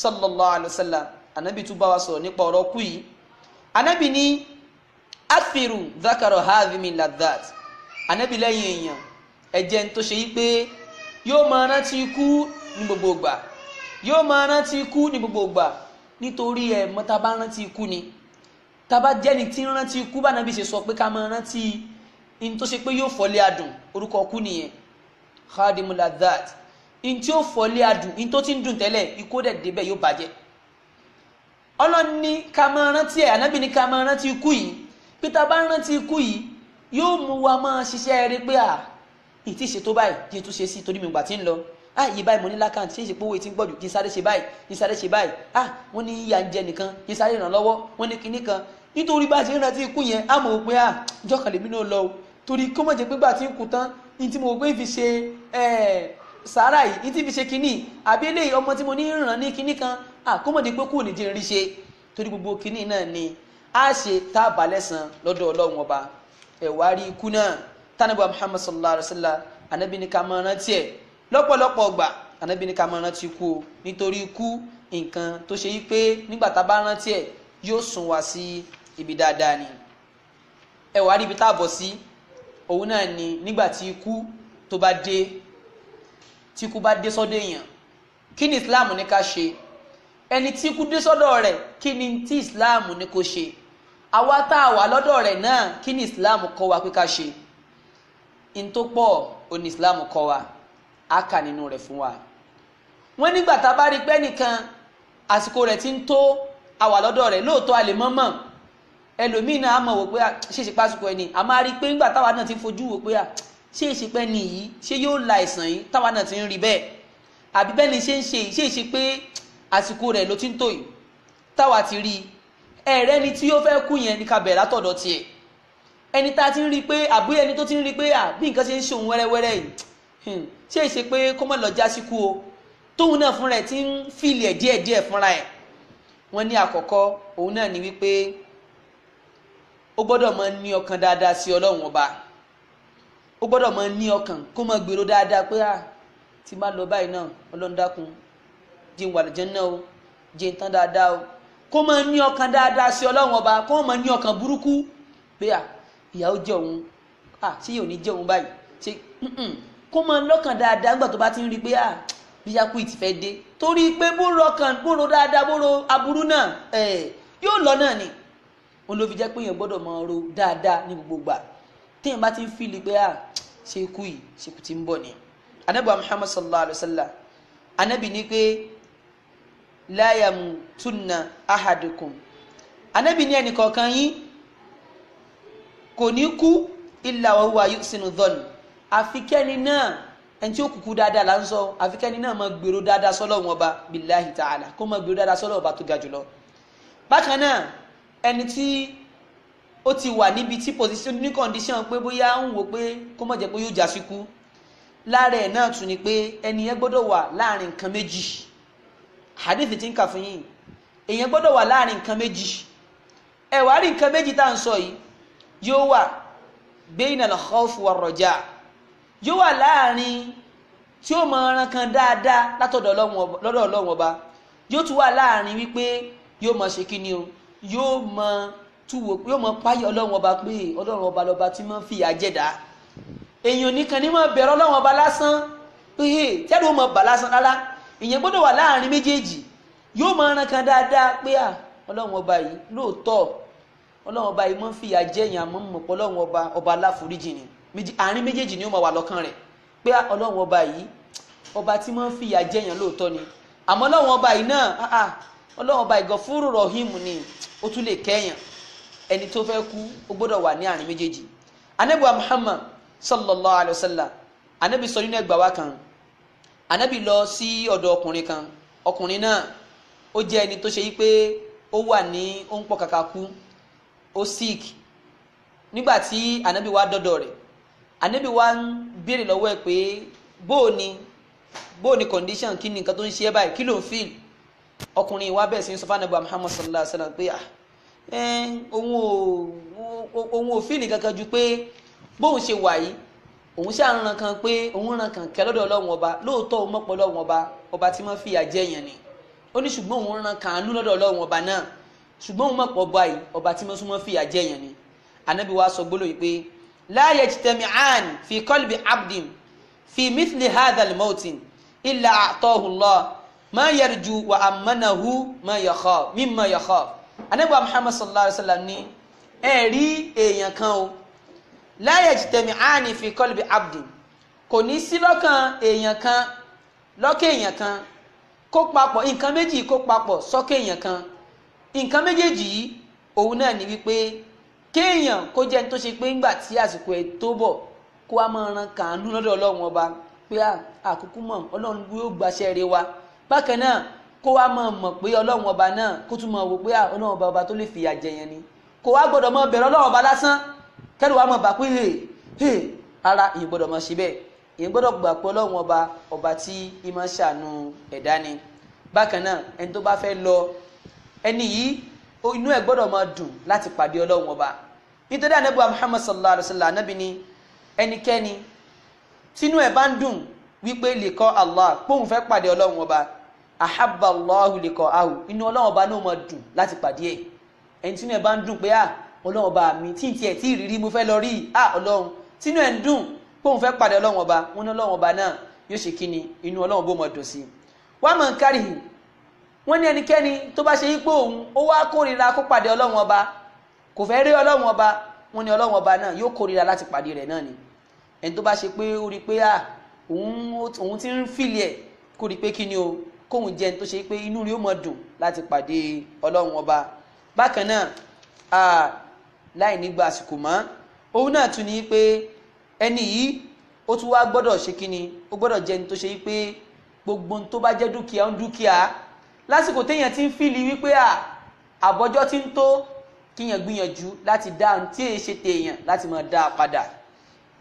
sallallahu alayhi wa sallam anabi tún bá wa sọ̀rọ̀ nípa ọ̀rọ̀ kú yìí anabi ní afiru dhakaro havimi ladat anabi lẹ́yìn èèyàn ẹ̀jẹ̀ tó ṣe yí pé yóò máa rántí ikú ní gbogbo ìgbà yóò máa rántí ikú ní gbogbo ìgbà nítorí ẹ̀ mọ́ta rántí ikú ni tába jẹ́ni tí ń rántí ikú bá nàbí ṣe sọ pé ká máa rántí in tó ṣe pé yóò fọ́lé adùn orúkọ kú nìyẹn khadimu ladat in tí ó fọ́lé adùn in tó ti ń dùn tẹ́lẹ̀ ikú dẹ̀ débẹ̀ yóò bàjẹ́ ọlọ́ni ká máa rántí ẹ̀ ànábì ní ká máa rántí ikú yìí pé tába ń rántí ikú yìí yóò mú wa máa ṣiṣẹ́ rí pé à ìtì ṣe tó báyìí kí n ṣe sí torí mi gbà tí ń lọ ah yìí báyìí mo ní lákàntì ṣe é ṣe pé owó etí ń gbọ́dọ̀ kí n sáré ṣe báyìí kí n sáré ṣe báyìí ah wọ́n ní yíya ń jẹ nìkan kí n sáré ràn lọ́wọ́ wọ́n ní kinní kan nítorí bá ṣe rántí ikú yẹn á mọ̀ pé à jọ́kànlélẹ́mí náà lọ o torí kó mọ̀ jẹ́ pé gbà tí ń kú tán ní tí mo gbé fi ṣe sàárà yìí ní tí fi ṣe kínní àbí eléyìí ọmọ tí mo ní ràn ní kínní kan àkómọ̀dé pé kú ò ní jẹ́ rí ṣe torí gbogbo kínní náà ni a ṣe tá a bá lẹ́sàn lọ́dọ̀ ọlọ́run ọba ẹ̀wá rí ikú náà tánàbà Muhammad sallallahu alayhi wa sallam anabi ní ká máa rántí ẹ̀ lọ́pọ̀lọpọ̀ ọgbà anabi ní ká máa rántí ikú o nítorí ikú nǹkan ibi dáadáa ni ẹ wàá rí ibi tá a bọ̀ sí òun náà ni nígbà tí ikú tó bá dé tí ikú bá dé sọ́dọ̀ èèyàn kí ni islam ní ká ṣe ẹni tí ikú dé sọ́dọ̀ rẹ̀ kí ni tí islam ní kó ṣe àwa tá a wà lọ́dọ̀ rẹ̀ náà kí ni islam kọ́ wa pé ká ṣe n tó pọ̀ òní islam kọ́ wa á kà nínú rẹ̀ fún wa wọ́n nígbà tá a bá rí pé ẹnìkan àsìkò rẹ̀ ti ń tó àwa lọ́dọ̀ rẹ̀ lóòótọ́ a lè mọ̀ mọ̀ ẹlòmíín náà á mọ̀ wò pé ah, ṣèṣe pásítọ ẹni a máa rí i pé nígbà táwa náà ti fojú wò pé ah, ṣèṣe pẹ́ ni yìí ṣé yóò la ìsàn yìí táwa náà ti ń rí bẹ́ẹ̀ àbí bẹ́ẹ̀ ni ṣe ń ṣe ṣèṣe pé àsìkò rẹ̀ ló ti ń tò yìí táwa ti rí i ẹ̀rẹ́ ni tí ó fẹ́ kú yẹn ní ká bẹ̀rẹ̀ látọ̀dọ̀ tiẹ̀ ẹni tá a ti ń rí i pé àbí ẹni tó ti ń rí i pé ah, bí nǹkan ṣe ń ṣe ó gbọ́dọ̀ máa ní ọkàn dáadáa sí ọlọ́run ọba ó gbọ́dọ̀ máa ní ọkàn kó máa gbèrò dáadáa pé à ah, tí má lọ báyìí náà ọlọ́run dákun jẹ́ ń wà lẹ́jẹ́ náà o jẹ́ ń tán dáadáa o kó máa ní ọkàn dáadáa sí ọlọ́run ọba kó máa ní ọkàn burúkú pé à ah, ìyàwó jẹ òun à ah, ṣé yóò ní jẹ òun báyìí ṣe kó máa lọ́kàn dáadáa nígbà tó bá ti ń rí pé à bíyá kú ìtì fẹ́ dé torí pé bóró ọkàn bóró dáadáa bóró aburú náà eh, yóò lọ náà ni wọn ló fi jẹ́ pé èèyàn gbọ́dọ̀ máa ro dáadáa ní gbogbo gbà téèyàn bá ti ń fìlì pé à ah, ṣe ikú yìí ṣe kù ti ń bọ̀ ni anabi muhammad sallallahu alayhi wa sallam anabi ní pé la yamutunna ahadukum anabi ní ẹnìkọ̀ọ̀kan yín kò ní kú illa wa huwa yuhsinu dhann àfi kẹ́ni náà ẹni tí ó kúkú dáadáa là ń sọ àfi náà máa gbèrò dáadáa sọ́lọ́run ọba billahi ta'ala kó máa gbèrò dáadáa sọ́lọ́run ọba tó ga jùlọ ẹni tí ó ti wà níbi tí position ní condition pé bóyá ń wò pé kó má jẹ́ pé yóò jásí kú lára ẹ̀ náà tún ni pé ẹni yẹn gbọ́dọ̀ wà láàrin nǹkan méjì hadith ti ń kà fún yín èèyàn gbọ́dọ̀ wà láàrin nǹkan méjì ẹ wàá rí nǹkan méjì tá à ń sọ yìí yóò wà bayna al-khawf war-raja yóò wà láàrin tí ó mọ ọ̀ràn kan dáadáa látọ̀dọ̀ ọlọ́run ọba yóò tún wà láàrin wípé yóò mọ ṣe kí ni o yóò mọ túwò yóò mọ páyọ ọlọ́run ọba pé ọlọ́run ọba lọ́ba tí máa ń fìyà jẹ̀dá èèyàn nìkan ní máa bẹ̀rẹ̀ ọlọ́run ọba lásán pé tẹ́lẹ̀ ó mọ bà lásán rárá ìyẹn gbọ́dọ̀ wà láàrin méjèèjì yóò máa ran kan dáadáa pé à ọlọ́run ọba yìí lóòótọ́ ọlọ́run ọba yìí máa ń fìyà jẹ̀yàn àmọ́ mọ̀ pé ọba ọba aláforíjì ni àárín méjèèjì ni ó máa wà lọ́kàn rẹ̀ pé ọlọ́run ọba yìí ọba tí máa ń fìyà jẹ̀yàn ni àmọ́ ọlọ́run ọba yìí náà ọlọ́run ọba ìgọ̀fúrú rọ̀hìm ni ó tún lè kẹ́yàn ẹni tó fẹ́ kú ó gbọ́dọ̀ wà ní àárín méjèèjì anabi muhammad sallallahu alayhi wa sallam anabi sọ nínú ẹgbàá wa kan anabi lọ sí ọ̀dọ̀ ọkùnrin kan ọkùnrin náà ó jẹ́ ẹni tó ṣe yí pé ó wà ní ó ń pọ̀ kàkà kú ó sick nígbà tí anabi wa dọ́dọ̀ rẹ̀ anabi wa ń béèrè lọ́wọ́ ẹ̀ pé bóò ni bóò ni condition kí ni nǹkan tó ń ṣe ẹ́ báyìí kí ló ń feel ọkùnrin wa bẹ́ẹ̀ sí sọ fún anabi muhammad sallallahu alayhi wa sallam pé ah, òun ò fíìlì kankan ju pé bóun ṣe wà yìí òun ṣe àrùn kan pé òun ràn kan kẹ lọ́dọ̀ ọlọ́run ọba lóòótọ́ òun mọ̀pọ̀ ọlọ́run ọba ọba tí wọ́n fìyà jẹ yẹn ni ó ní ṣùgbọ́n òun ràn kan àánú lọ́dọ̀ ọlọ́run ọba náà ṣùgbọ́n òun mọ̀pọ̀ ọba yìí ọba tí wọ́n súnmọ́ fìyà jẹ yẹn ni anabi wa sọ gbólóyè pé la yajtami'an fi qalbi abdin fi mithli hadha al-mawtin illa a'tahu ma yarju wa amanahu ma yakhaf mimma yakhaf anabi muhammad sallallahu alaihi wasallam ní ẹ̀rí èèyàn kan o la yajtami'ani fi qalbi abdin kò ní sí lọ́kàn èèyàn kan lọ́kàn èèyàn kan kó papọ̀ nǹkan méjì kó papọ̀ sọ́kàn èèyàn kan nǹkan méjèèjì yìí òun náà ni wípé kéèyàn kó jẹ́ ní tó ṣe pé ńgbà tí àsìkò ẹ̀ tó bọ̀ kó a máa ran kàánú lọ́dọ̀ ọlọ́run ọba pé àkókò mọ̀ ọlọ́run yóò gbaṣẹ́ rẹ wa bákan náà kó wá máa mọ̀ pé ọlọ́run ọba náà kó tún máa wò pé ah, ọlọ́run ọba ọba tó lè fìyà jẹ yẹn ni kó wá gbọ́dọ̀ máa bẹ̀rẹ̀ ọlọ́run ọba lásán kẹ́rù wá máa bà pé hè hè ara ìyẹn gbọ́dọ̀ máa ṣe bẹ́ẹ̀ ìyẹn gbọ́dọ̀ gbà pé ọlọ́run ọba ọba tí ì máa ṣàánú ẹ̀dá ni bákan náà ẹni tó bá fẹ́ lọ ẹni yìí inú ẹ̀ gbọ́dọ̀ máa dùn láti Muhammad sallallahu sallam ànábì ni ẹnikẹ́ni tínú ẹ̀ bá ń Allah póun fẹ́ pàdé ọlọ́run ọba ahabba Allahu liqa'ahu inú ọlọ́wọ́n ọba náà máa dùn láti pàdé ẹ̀ ẹni tí inú ẹ̀ bá ń dùn pé à ah, ọlọ́wọ́n ọba mi tí n tiẹ̀ tí ìrírí mo fẹ́ lọ rí à ah, ọlọ́run tí inú ẹ̀ ń dùn pé òun fẹ́ pàdé ọlọ́wọ́n ọba wọn ní ọlọ́wọ́n ọba náà yóò ṣe kíni inú ọlọ́wọ́n bó máa dùn sí i wọ́n máa ń kárì wọ́n ní ẹnikẹ́ni tó bá ṣe yípo òun ó wá kórìíra kó ah, o kóhun jẹ́ tó ṣe pé inú rí ó mọ̀ dùn láti pàdé ọlọ́run ọba bákan náà láì nígbà àsìkò mọ́ òun náà tún ní pé ẹni yìí ó tún wá gbọ́dọ̀ ṣe kínni ó gbọ́dọ̀ jẹ́ tó ṣe pé gbogbo tó bá jẹ́ dúkìá ń dúkìá lásìkò téèyàn ti ń fìlì wípé àbọ́jọ́ ti ń tó kíyàn gbìyànjú láti dá ohun tí èyí tèèyàn láti máa dá padà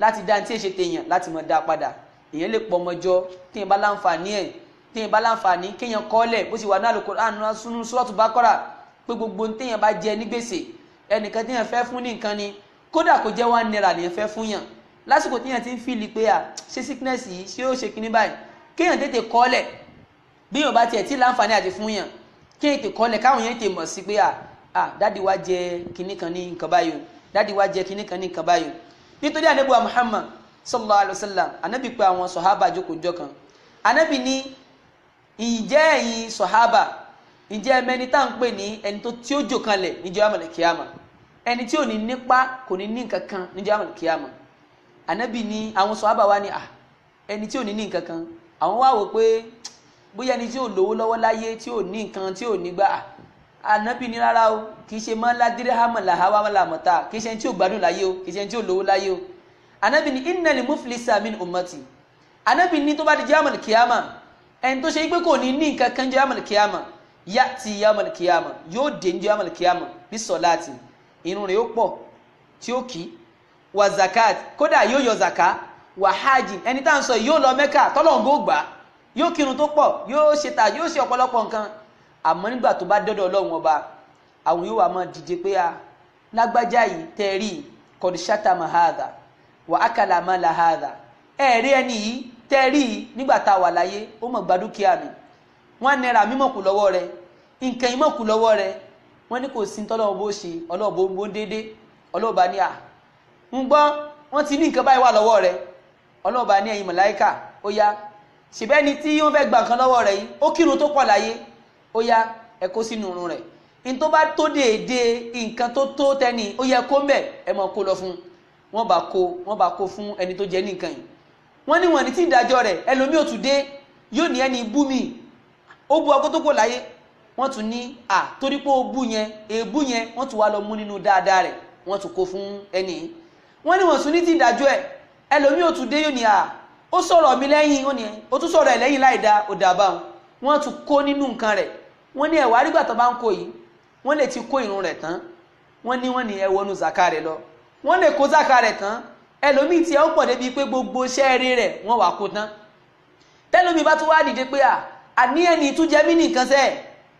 láti dá ohun tí èyí tèèyàn láti máa dá padà èèyàn lè pọ̀ ọmọjọ́ téèyàn bá láǹfààní ẹ̀ téèyàn bá láǹfààní kéèyàn kọ́lẹ̀ bó sì wà náà Al-Qur'an sunu Suratu Baqara pé gbogbo téèyàn bá jẹ ní gbèsè ẹnìkan téèyàn fẹ́ fún ní nǹkan ni kódà kò jẹ́ one naira lèèyàn fẹ́ fún yàn lásìkò téèyàn ti ń fìlì pé à ṣé sickness yìí ṣé ó ṣe kíní báyìí kéèyàn tètè kọ́lẹ̀ bí yàn bá tiẹ̀ tí láǹfààní àti fún yàn kéèyàn tètè kọ́lẹ̀ káwọn yẹn tè mọ̀ sí pé à à dáàdi wa jẹ Muhammad sallallahu sallam ànábì pé àwọn sọ̀hábà jókòó jọ ìjẹ́ ẹ̀yin sọ̀hábà ìjẹ́ mẹni tá à ń pè ní ẹni tó tí ó jò kanlẹ̀ níjọ́ àmàlẹ̀ kíámà ẹni tí ò ní nípa kò ní ní nǹkan kan níjọ́ àmàlẹ̀ kíámà ànábì ni àwọn sọ̀hábà wa ni à ẹni tí ò ní ní nǹkan kan àwọn wá wò pé bóyá ẹni tí ò lówó lọ́wọ́ láyé tí ò ní nǹkan tí ò ní gbà ànábì ni rárá o kì í ṣe mọ́ ládìrí hàmà làháwá làmọ́ta kì í ṣe ẹni tí ò gbádùn láyé o kì í ṣe ẹni tí ò lówó láyé o ànábì ni ni tó ẹni tó ṣe pé kò ní ní nǹkan kan jẹ́ yá ti yawmal kiyama yóò dé ní yawmal kiyama bí sọ̀láàtì irun rẹ̀ yóò pọ̀ tí ó kì í wà zakat kódà yóò yọ zaka wà hajj ẹni tá à ń sọ yóò lọ mẹ́kà tọ́lọ́ǹgó gbà yóò kírun tó pọ̀ yóò ṣe tà yóò ṣe ọ̀pọ̀lọpọ̀ nǹkan àmọ́ nígbà tó bá dọ́dọ̀ ọlọ́run a tẹ́rí nígbà tá a wà láyé ó mọ̀ gba dúkìá mi wọ́n náírà mímọ̀ kù lọ́wọ́ rẹ nǹkan ìmọ̀ kù lọ́wọ́ rẹ wọ́n ní kò sí tọ́lọ́wọ́ bó ṣe ọlọ́ọ̀bó bó déédé ọlọ́ọ̀bá ní à ń gbọ́ wọ́n ti ní nǹkan báyìí wà lọ́wọ́ rẹ ọlọ́ọ̀bá ní ẹ̀yin mọ̀láìkà ó yá ṣèbẹ́ni tí wọ́n fẹ́ gba nǹkan lọ́wọ́ rẹ yìí ó kírun tó pọ̀ láyé ó yá ẹ kó sínú irun rẹ̀ n tó bá tó déédéé nǹkan tó tó tẹ́ni ó yẹ kó mbẹ̀ ẹ mọ̀ kó lọ fún wọn bá kó wọn bá kó fún ẹni tó jẹ́ nìkan yìí wọ́n ní wọ́n ní tí ìdájọ́ rẹ̀ ẹlòmí ò tún dé yóò ní ẹni bú mi ó bu ọkọ tó kò láyé wọ́n tún ní à torí pé ó bú yẹn èébú yẹn wọ́n tún wá lọ mú nínú dáadáa rẹ̀ wọ́n tún kó fún ẹni wọ́n ní wọ́n tún ní tí ìdájọ́ ẹ̀ ẹlòmí ò tún dé yóò ní à ó sọ̀rọ̀ mi lẹ́yìn ó ní ẹ ó tún sọ̀rọ̀ ẹ̀ lẹ́yìn láì da ò dà báwọn wọ́n tún kó nínú nǹkan rẹ̀ wọ́n ní ẹ̀wà arígbà tó bá ń kó yìí wọ́n lè ti kó ìrun rẹ̀ tán wọ́n ní wọ́n ní ẹ̀wọ̀nù ẹlòmíì tiẹ̀ ó pọ̀ débi pé gbogbo iṣẹ́ eré rẹ̀ wọ́n wà kó tán tẹ́lómi bá tún wá dìde pé à àníyàn ni tún jẹ́ mí nìkan sẹ́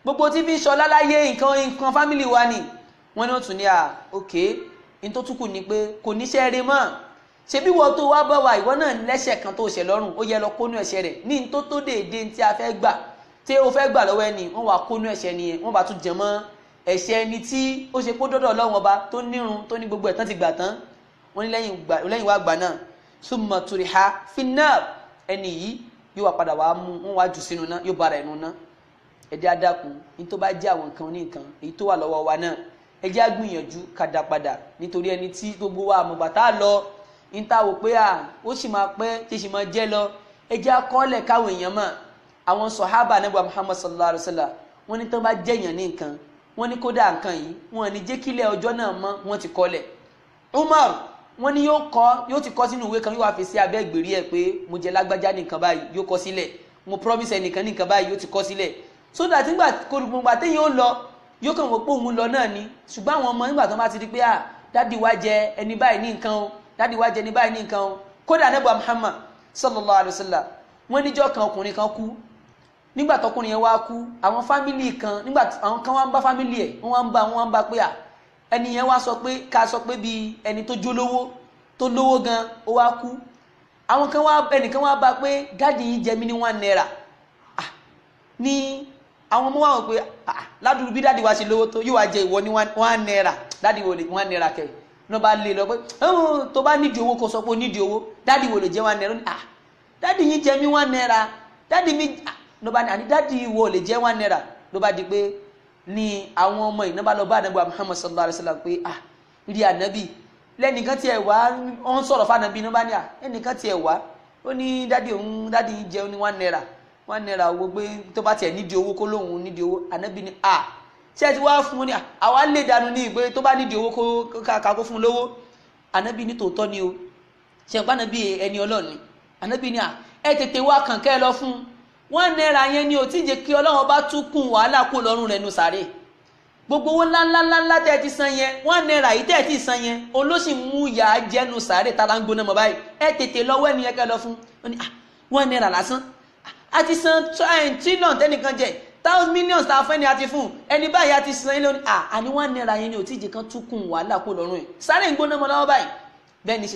gbogbo tí fi ń sọ láláyé nǹkan nǹkan fámìlì wa ni wọ́n ní wọ́n tún ní à òkè ní tó tún kù ni pé kò níṣẹ́ eré mọ́ ṣebí wọ́n tó wá bá wa ìwọ náà lẹ́ṣẹ̀ kan tó ṣẹ̀ lọ́rùn ó yẹ lọ kónú ẹ̀ṣẹ̀ rẹ̀ ní tó tó déédéé tí a fẹ́ gbà tí o fẹ́ gbà lọ́wọ́ ẹni wọ́n wá kónú ẹ̀ṣẹ̀ nìyẹn wọ́n bá tún jẹ mọ́ ẹ̀ṣẹ̀ ẹni tí ó ṣe kó dọ́dọ̀ Ọlọ́run ọba tó nírun tó ní gbogbo ẹ̀ tán ti gbà tán wọ́n ní lẹ́yìn wá gbà náà summa turiha finnar ẹni yìí yóò wá padà wàá mú wọn wá jù sínú náà yóò bára ẹnu náà ẹ̀dẹ́ adákun ní tó bá jẹ́ àwọn nǹkan oníkan èyí tó wà lọ́wọ́ wa náà ẹ jẹ́ àgbìyànjú kàdà padà nítorí ẹni tí gbogbo wa àmọ̀gbà tá a lọ ń ta wò pé à ó sì máa pẹ́ tí ó sì máa jẹ́ lọ ẹ jẹ́ akọ́lẹ̀ káwọn èèyàn mọ̀ àwọn sọ̀hábà nígbà Muhammad sallallahu alayhi wa sallam wọ́n ní tán bá jẹ̀yàn ní nǹkan wọ́n ní kódà nǹkan yìí wọ́n ní jẹ́kílẹ̀ ọjọ́ náà mọ́ wọ́n ti kọ́lẹ̀ Umar wọ́n ní yóò kọ yóò ti kọ sínú ìwé kan yóò wá fi sí abẹ́ ìgbèrí ẹ̀ pé mo jẹ lágbájá nìkan báyìí yóò kọ sílẹ̀ mo promise ẹnìkan nìkan báyìí yóò ti kọ sílẹ̀ so that nígbà gbogbo àtẹ̀yìn ó lọ yóò kàn wọ́n pé òun lọ náà ni ṣùgbọ́n àwọn ọmọ nígbà tó bá ti di pé ah dádì wa jẹ ẹni báyìí ní nǹkan o dádì wa jẹ ẹni báyìí ní nǹkan o kódà nebà Muhammad sallallahu alayhi wa sallam wọ́n níjọ́ kan ọkùnrin kan kú nígbà tọkùnrin yẹn wá kú àwọn fámìlì kan nígbà àwọn kan wá ń bá fámìlì ẹ̀ wọ́n wá ń bá wọ́n wá ń bá pé ah ẹni yẹn wá sọ pé ká sọ pé bíi ẹni tó jólówó tó lówó gan ó wá kú àwọn kan wá ẹnìkan wá bá pé dáàdì yìí jẹ mí ní one naira ah, ní àwọn ọmọ wa wọ pé ah, ládùúgbò bí dáàdì wa ṣe lówó tó yóò wá jẹ ìwọ ní one naira dáàdì wo lè one naira kẹ náà bá lè lọ pé tó bá nídìí owó kó sọ pé ó nídìí owó dáàdì wo lè jẹ one naira ah dáàdì yìí jẹ mí one naira dáàdì mi náà ah, bá ní dáàdì wo lè jẹ one naira ló bá di pé ni àwọn ọmọ yìí náà bá lọ bá ànábì Muhammad sallallahu alayhi wa sallam pé ah rí ànábì lẹ́nìkan tiẹ̀ wá ọ̀n sọ̀rọ̀ fànábì náà bá ní à ah, ẹnìkan tiẹ̀ wá ó ní dádì òun dádì jẹun ní one naira one naira owó gbé tó bá tiẹ̀ nídìí owó kó lóun nídìí owó ànábì ní à ah. ṣé ẹ ti wá fún un ní à ah, àwa lè dànù ní ìgbé tó bá nídìí owó kó kàkà kó fún un lówó ànábì ní tòótọ́ ni o ṣe ànábì ẹni ọlọ́ọ̀ni ànábì ní à ẹ tètè wá kàn kẹ́ ẹ lọ fún un one naira yẹn ni ò tí ì jẹ́ kí ọlọ́run bá tún kún wàhálà kó lọ́rùn rẹ̀ nù sáré gbogbo owó ńláńláńlá tẹ́ ẹ ti san yẹn one naira yìí tẹ́ ẹ ti san yẹn olóṣì mú yà á jẹnu sáré tara ń gbóná mọ́ báyìí ẹ tètè lọ́wọ́ ẹni yẹn kẹ́ lọ fún un ah, one naira lásán a ti san eh, trillion tẹ́nìkan jẹ thousand millions tá a fẹ́ ni a ti fún un ẹni báyìí a ti san ilé oní àní one naira yẹn ni ò tí ì jẹ́ kán tún kún wàhálà kó lọ́rùn ẹ̀ sáré ń gbóná mọ́ lọ́wọ́ báyìí bẹ́ẹ̀ ni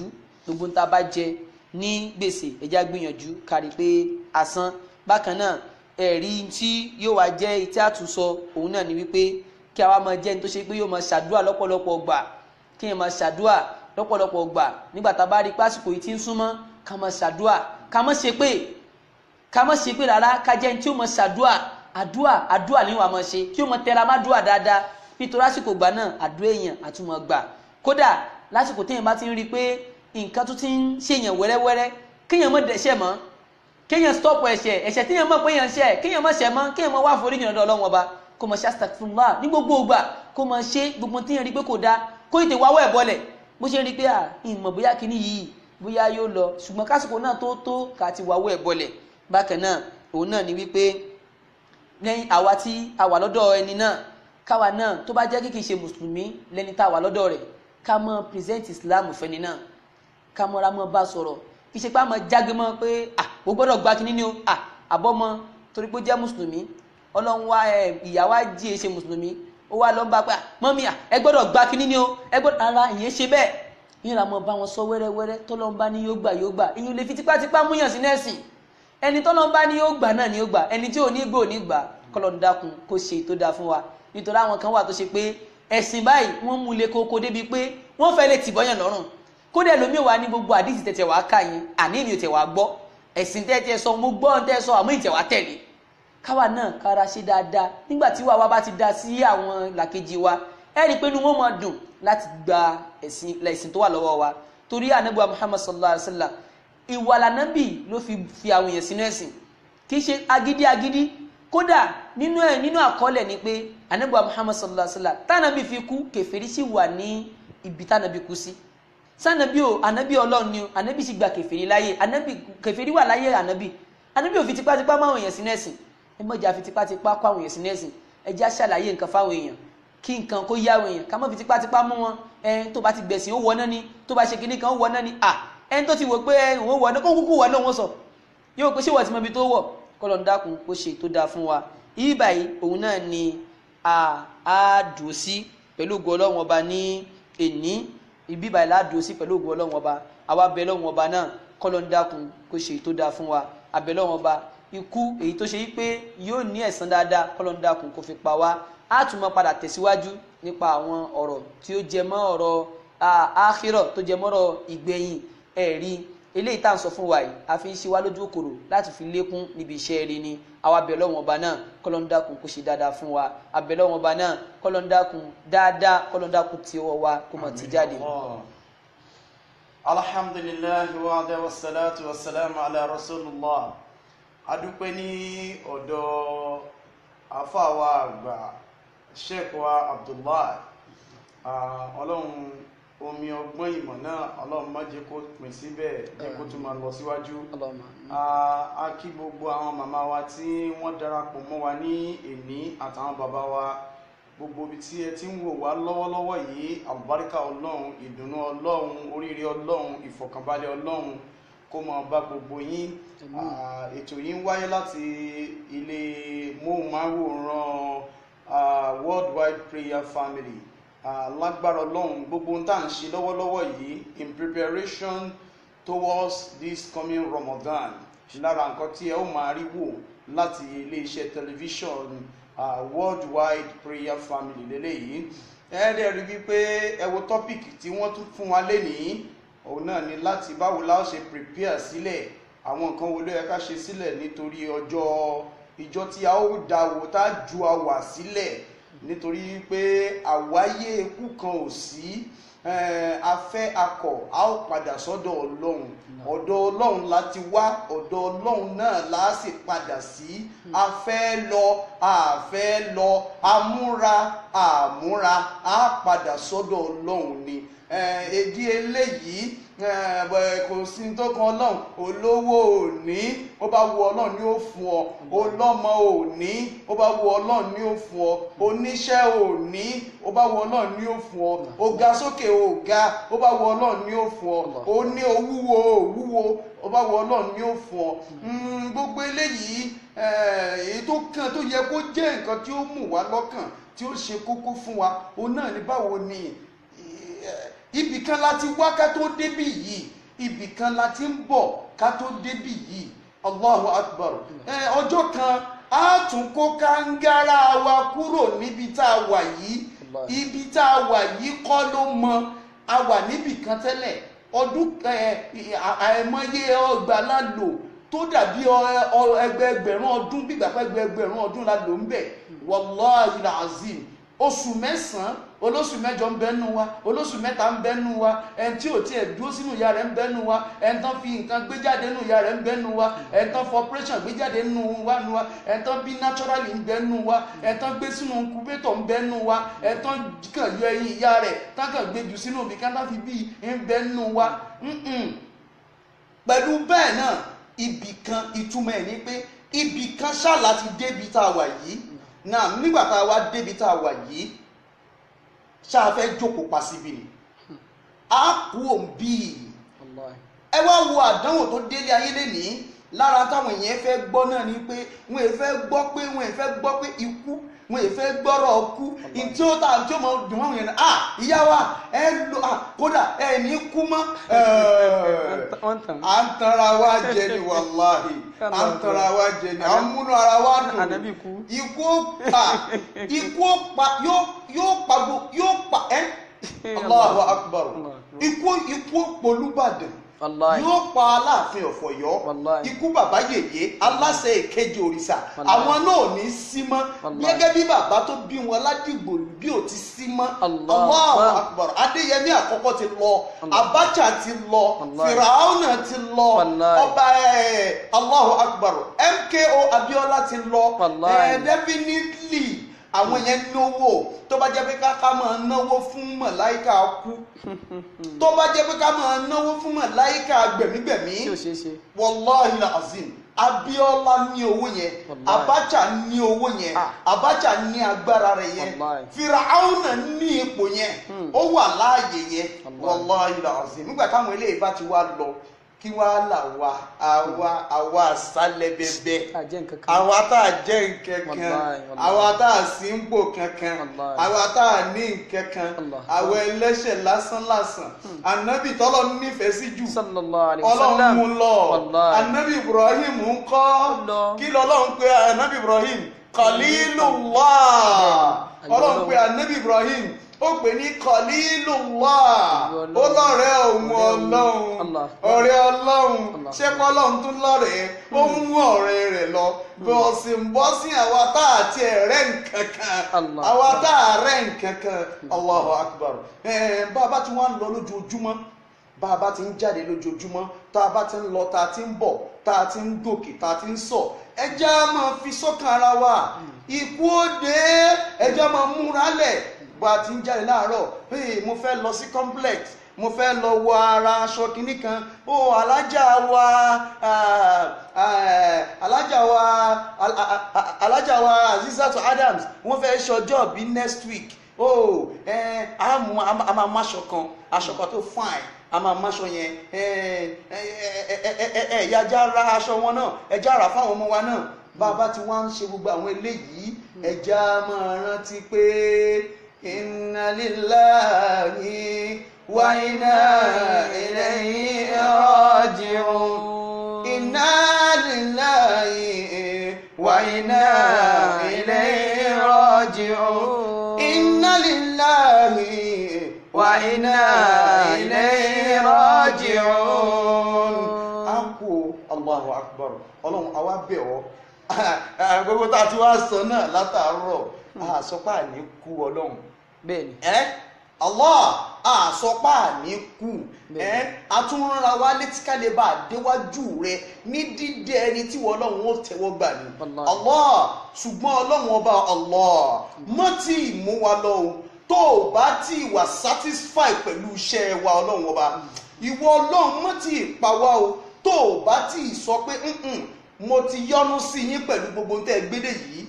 ṣe gbogbo tá a bá jẹ ní gbèsè ẹjá gbìyànjú kárí pé asán bákan náà ẹ̀rí tí yóò wá jẹ́ etí àtúnsọ òun náà ni wípé kí a wá máa jẹ́ ní tó ṣe pé yóò máa ṣàdúà lọ́pọ̀lọpọ̀ gbà kí yẹn máa ṣàdúà lọ́pọ̀lọpọ̀ gbà nígbà tá a bá rí pásìkò yìí tí ń súnmọ́ ká máa ṣàdúà ká má ṣe pé ká má ṣe pé rárá ká jẹ́ ní tí yóò máa ṣàdúà àdúà àdúà ni wàá máa ṣe kí yóò máa tẹra má dúà dáadáa nítorí àsìkò gbà náà àdúà èèyàn àtúmọ̀ gbà kódà lásìkò téèyàn bá ti ń rí pé nǹkan tó ti ń ṣèyàn wẹ́rẹ́wẹ́rẹ́ kéèyàn má dẹ́ṣẹ̀ mọ́ kéèyàn stọ́pù ẹ̀ṣẹ̀ ẹ̀ṣẹ̀ téèyàn mọ̀ pé èèyàn ṣẹ̀ kéèyàn má ṣẹ̀ mọ́ kéèyàn má wá foríjì lọ́dọ̀ Ọlọ́run ọba kó máa ṣe astagfirullah ní gbogbo ìgbà kó máa ṣe gbogbo téèyàn rí pé kò dáa kó tètè wáwọ́ ẹ̀ bọ́lẹ̀ bó ṣe rí pé à ìmọ̀ bóyá kíní yìí bóyá yóò lọ ṣùgbọ́n kásìkò náà tó tó ká ti wáwọ́ ẹ̀ bọ́lẹ̀ bákan náà òun náà ni wípé lẹ́yìn àwa tí a wà lọ́dọ̀ ẹni náà káwa náà tó bá jẹ́ kí ṣe mùsùlùmí lẹ́ni tá a wà lọ́dọ̀ rẹ̀ ká mọ́ present Islam fẹ́ni náà ká mọ́ra mọ́ bá sọ̀rọ̀ kì í ṣe pé àmọ́ jágé pé à mo gbọ́dọ̀ gba kínní ni o à àbọ̀ mọ́ torí pé ó jẹ́ mùsùlùmí ọlọ́run wá ẹ ìyá wa jí e ṣe mùsùlùmí ó wá lọ pé à mọ́mí à ẹ gbọ́dọ̀ gba kínní ni o ẹ gbọ́dọ̀ ara ìyẹn ṣe bẹ́ẹ̀ ìyẹn làmọ́ bá wọn sọ wẹ́rẹ́wẹ́rẹ́ tọ́lọ́run bá ní yóò gbà yóò gbà ìyẹn lè fi tipátipá múyàn sí nẹ́ẹ̀sìn ẹni tọ́lọ́run bá yóò gbà náà ni yóò gbà ẹni tí ò ní gbò ní gbà kọlọ́n dákun kó ṣe tó dáa fún wa nítorí àwọn kan wà tó ṣe pé ẹ̀sìn báyìí wọ́n mú le koko débi pé wọ́n fẹ́ lè tìbọ́yàn lọ́rùn kódà lómi wa ní gbogbo àdìsí tẹ̀tẹ̀ wá ká yín àní mi tẹ̀ wá gbọ́ ẹ̀sìn tẹ́tẹ́ sọ mo gbọ́ tẹ́ sọ àmọ́ ìtẹ̀ wá tẹ̀lé káwa náà kára ṣe dáadáa nígbà tí wàá wa bá ti da sí àwọn làkejì wa ẹ rí i pé inú wọn máa dùn láti gba ẹ̀sìn ẹ̀sìn tó wà lọ́wọ́ wa torí ànábùwà Muhammad sallallahu alayhi wa sallam ìwà lànàbì ló fi fi àwọn èèyàn sínú ẹ̀sìn kì í ṣe agídí agídí kódà nínú ẹ nínú àkọọ́lẹ̀ ni pé ànábùwà Muhammad sallallahu alayhi wa sallam tànàbì fi kú kèfèrí sì wà ní ibi tànàbì kú sí. Si sanabi o anabi Ọlọ́run ni o anabi sì gba kèfèrí láyé anabi kèfèrí wà láyé anabi anabi ò fi tipátipá máwọn èèyàn sínú ẹ̀sìn ẹ mọ̀jà fi tipátipá kó àwọn èèyàn sínú ẹ̀sìn ẹ já ṣàlàyé nǹkan fáwọn èèyàn kí nǹkan kó yá àwọn èèyàn ká má fi tipátipá mú wọn ẹ tó bá ti gbẹ̀sìn ó wọná ni tó bá ṣe kinní kan ó wọná ni à ẹ tó ti wò pé òun wọná kó kúkú wọná òun sọ yóò pé ṣé wọ́n ti mọ ibi tó wọ̀ kọ́lọ́ ń dákun ni ibi báyìí ládùú sí pẹ̀lú ògùn ọlọ́run ọba àwa bẹ lọ́run ọba náà kọ́lọ́ ń dákun kó ṣe èyí tó dáa fún wa àbẹ lọ́run ọba ikú èyí tó ṣe yí pé yóò ní ẹ̀san dáadáa kọ́lọ́ ń dákun kó fi pa wá á tún máa padà tẹ̀síwájú nípa àwọn ọ̀rọ̀ tí ó jẹ mọ́ ọ̀rọ̀ àákírọ̀ tó jẹ mọ́rọ̀ ìgbẹ̀yìn ẹ̀rí eléyìí tá à ń fún wa yìí a fi ń ṣe wá lójú kòrò láti fi lékún níbi iṣẹ́ rí ni àwa abẹ́lẹ́ wọn ọba náà kọ́lọ́ńdàkùn kò ṣe dáadáa fún wa abẹ́lẹ́ wọn ọba náà kọ́lọ́ńdàkùn dáadáa kọ́lọ́ńdàkùn tí ọwọ́ wa kó mọ̀ ti jáde. alhamdulilayi wa'ada wasalaatu wasalaamu ala rasulillah adúpẹ́ ní ọ̀dọ̀ àfàwà àgbà sheikh wa abdullahi ah, ọlọ́run. Uh, omi ọgbọ́n ìmọ̀ náà ọlọ́run má jẹ́ kó pín síbẹ̀ jẹ́ kó tún máa lọ síwájú. a kí gbogbo àwọn màmá wa tí wọ́n darapọ̀ mọ́ wa ní èní àtàwọn bàbá wa gbogbo ibi tí ẹ ti ń wò wá lọ́wọ́lọ́wọ́ yìí àlùbáríkà ọlọ́run ìdùnnú ọlọ́run oríire ọlọ́run ìfọ̀kànbalẹ̀ ọlọ́run kó máa bá gbogbo yín ètò yìí ń wáyé láti ilé móhùnmáwòrán worldwide prayer family lágbára ọlọ́run gbogbo ohun tá à ń ṣe lọ́wọ́lọ́wọ́ yìí in preparation towards this coming Ramadan lára nǹkan tí ẹ ó máa rí wò láti iléeṣẹ́ tẹlifíṣọ̀n worldwide prayer family lélẹ́yìí ẹ̀ẹ́dẹ̀ rí wípé ẹ wo tọ́pìkì tí wọ́n tún fún wa lénìí òun náà ni láti báwo la ó ṣe prepare sílẹ̀ àwọn nǹkan wo ló yẹ ká ṣe sílẹ̀ nítorí ọjọ́ ìjọ tí a ó dáwọ́ tá a ju àwà sílẹ̀ nítorí pé àwáyé ikú kan ò sí eh, afẹ́ akọ̀ a ó padà sọ́dọ̀ ọlọ́run ọ̀dọ̀ ọlọ́run la ti wá ọ̀dọ̀ ọlọ́run náà la sì padà sí afẹ́ lọ àfẹ́ lọ amúra àmúra a padà sọ́dọ̀ ọlọ́run ni èdè eh, eléyìí kò sí tó kan ọlọ́run olówó ò ní ó bá wu ọlọ́run ni ó fún ọ ọlọ́mọ ò ní ó bá wu ọlọ́run ni ó fún ọ oníṣẹ́ ò ní ó bá wu ọlọ́run ni ó fún ọ ọ̀gá sókè ọ̀gá ó bá wu ọlọ́run ni ó fún ọ ó ní owúwo òwúwo ó bá wu ọlọ́run ni ó fún ọ hmm, gbogbo eléyìí èyí tó kàn tó yẹ kó jẹ́ nǹkan tí ó mú wa lọ́kàn tí ó ṣe kókó fún wa òun náà ni báwo ni ibìkan la ti wá ká tó débì yìí ibìkan la ti ń bọ̀ ká tó débì yìí allahu akbar ẹ ọjọ́ kan a tún kó kàńgára wa kúrò níbi tá a wà yìí ibi tá a wà yìí kọ́ ló mọ a wà níbìkan tẹ́lẹ̀ ọdún àìmọye ọgbà la lò tó dàbí ẹgbẹẹgbẹ̀rún ọdún bí ìgbà pẹ́ ẹgbẹẹgbẹ̀rún ọdún la lò ń bẹ̀ wàláhì azim oṣù mẹ́sàn-án olóṣù mẹ́jọ ń bẹ́nu wa olóṣù mẹ́ta ń bẹ́nu wa ẹni tí ò tiẹ̀ dúró sínú ìyá rẹ̀ ń bẹ́nu wa ẹni tán fi nǹkan gbé jáde nínú ìyá rẹ̀ ń bẹ́nu wa ẹni tán fọ operation gbé jáde nínú wa nu wa ẹni tán bí naturally ń bẹ́nu wa ẹni tán gbé sínú incubator ń bẹ́nu wa ẹni tán kàn yọ ẹyin ìyá rẹ̀ tán kàn gbé jù sínú ibi kátà fi bí ń bẹ́nu wa pẹ̀lú bẹ́ẹ̀ náà ibì kan ìtumọ̀ ẹ̀ ni pé ibì kan ṣáà láti débi tá a wà yìí náà nígbà tá a wá débi tá a wà yìí ṣáà fẹ́ jókòó pa síbi ni a kú òǹbí ẹ wá wo àdánwò tó délé ayé lénìí lára táwọn èèyàn fẹ́ gbọ́ náà ni pé wọ́n fẹ́ gbọ́ pé wọ́n fẹ́ gbọ́ pé ikú wọn yìí fẹ́ gbọ́rọ̀ kú ntí ó ta tí ó mọ dùn wọn yẹn ah ìyá wa ẹ lo ah kódà ẹ ní kú mọ́ à ń tanra wa jẹ ni wàláhì à ń tanra wa jẹ ni à ń múnú ara wa dùn ikú pa ikú pa yóò pa yóò pa ẹ Allahu akbar ikú ikú ó polúbàdàn yóò pa aláàfin ọ̀fọ̀ yọ ikú bàbá yèyé aláṣẹ ìkejì òrìṣà àwọn náà ò ní sí mọ́ gẹ́gẹ́ bí bàbá tó bí wọn ládìgbò bí ò ti sí mọ́ Allahu Akbar adéyẹmí àkọ́kọ́ ti lọ abacha ti lọ firaona ti lọ ọba ẹ Allahu Akbar MKO Abiola ti lọ ẹ definitely. àwọn yẹn náwó tó bá jẹ́ pé ká máa náwó fún mọ̀láìkà kú tó bá jẹ́ pé ká máa náwó fún mọ̀láìkà gbẹ̀mígbẹ̀mí wàláhì abiola ní abacha ní owó yẹn abacha ah. ní agbára rẹ yẹn firaahuna ní ipò yẹn hmm. ó wà láàyè yẹn wàláhì nígbà táwọn eléyìí bá kí wàá là wá àwa àwa àsálẹ̀ bẹbẹ àwa tá a jẹ́ nkankan àwa tá a sì ń bò kankan àwa tá a ní nkankan àwa ẹlẹ́ṣẹ̀ lásánlásán hmm. ànábì tọ́lọ́ nífẹ̀ẹ́ sí jù ọlọ́run mú lọ ànábì Ibrahim ń kọ́ kí lọ́lọ́run pé ànábì Ibrahim Khalilullah ọlọ́run pé ànábì Ibrahim ó pè ní kọ̀lílùwà ó lọ́rẹ̀ òun ọlọ́run ọ̀rẹ́ ọlọ́run ṣé kọ́lọ́run tún lọ́rẹ̀ ó ń mú hmm. ọ̀rẹ́ rẹ̀ lọ hmm. bọ̀sìnbọ̀sìn àwa tá a tiẹ̀ rẹ̀ nkankan àwa tá a rẹ̀ nkankan hmm. Allahu Akbar bàbá tí wọ́n ń lọ lójoojúmọ́ bàbá tí ń jáde lójoojúmọ́ tá a bá ti ń lọ tá a ti ń bọ̀ tá a ti ń gòkè tá a ti ń sọ̀ ẹjẹ́ á máa fi sọ́kàn ara wa ikú ó dé ẹjẹ́ á máa múra lẹ̀ bá a ti ń jáde láàárọ̀ hey mo fẹ́ lọ sí complex mo fẹ́ lọ wọ ara aṣọ kìíní kan ó alájà wa alájà wa alájà wa Azizatu Adams wọ́n fẹ́ ṣọjọ́ bí next week ó a máa máṣọ kan aṣọ kan tó fine a máa máṣọ yẹn ẹ̀yà já ra aṣọ wọn náà ẹ̀já rà fáwọn ọmọ wa náà bá a bá ti wá ń ṣe gbogbo àwọn eléyìí ẹ̀já máa rántí pé inna lillahi wa inna ilayhi raji'un inna lillahi wa inna ilayhi raji'un inna lillahi wa inna ilayhi raji'un. a kú Allahu akbar ọlọ́run àwa bẹ̀ ọ́ gbogbo tá a ti wá sọ náà látàárọ̀ àsọpá ní kú ọlọ́run ẹ Allah àsọpá ní kù ẹ àtúnranra wa létí ká lè bá déwájú rẹ ní dídé ẹni tí wọn Ọlọ́run ó tẹ́wọ́ gbà ní. Allah ṣùgbọ́n Ọlọ́run ọba Allah mọ́ tí ì mú wa lọ o tó o bá tí ì wà satisfy pẹ̀lú iṣẹ́ wa Ọlọ́run ọba ìwọ Ọlọ́run mọ́ tí ì pa wá o tó o bá tí ì sọ pé mo ti yọ́nú sí yín pẹ̀lú gbogbo tẹ́ ẹ gbédè yìí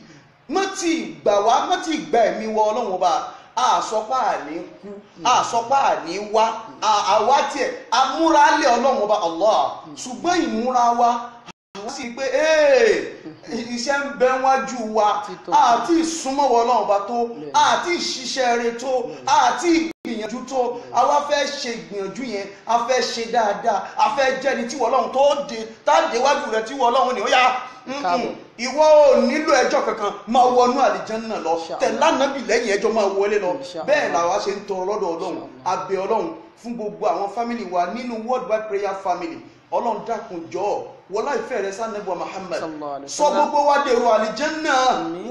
mọ́ tí ì gbà wá mọ́ tí ì gbà ẹ̀mí wa Ọlọ́run ọba àsọpá àní kú àsọpá àní wá àwa tiẹ̀ amúralẹ̀ ọlọ́run ọba Allah ṣùgbọ́n ìmúra wa àwọn sì pé iṣẹ́ ń bẹ wájú wa àti ìsúnmọ́wọ́ ọlọ́run ọba tó àti ìṣiṣẹ́ rẹ tó àti ìgbìyànjú tó àwa fẹ́ ṣe ìgbìyànjú yẹn a fẹ́ ṣe dáadáa a fẹ́ jẹ́ni tí wọ́n ọlọ́run tó dé tá a déwájú rẹ tí wọ́n ọlọ́run ní ó yá ìwọ ò nílò ẹjọ́ kankan máa wọnú àlìjánná lọ tẹ̀lá nábì lẹ́yìn ẹjọ́ máa wọlé lọ bẹ́ẹ̀ làwa ṣe ń tọrọ lọ́dọ̀ ọlọ́run abẹ ọlọ́run fún gbogbo àwọn fámìlì wa nínú wide prayer family ọlọ́run dákun jọ̀ọ́ wọlá ìfẹ́ rẹ sànẹ́bù Muhammad sọ gbogbo wa dèrò àlìjánná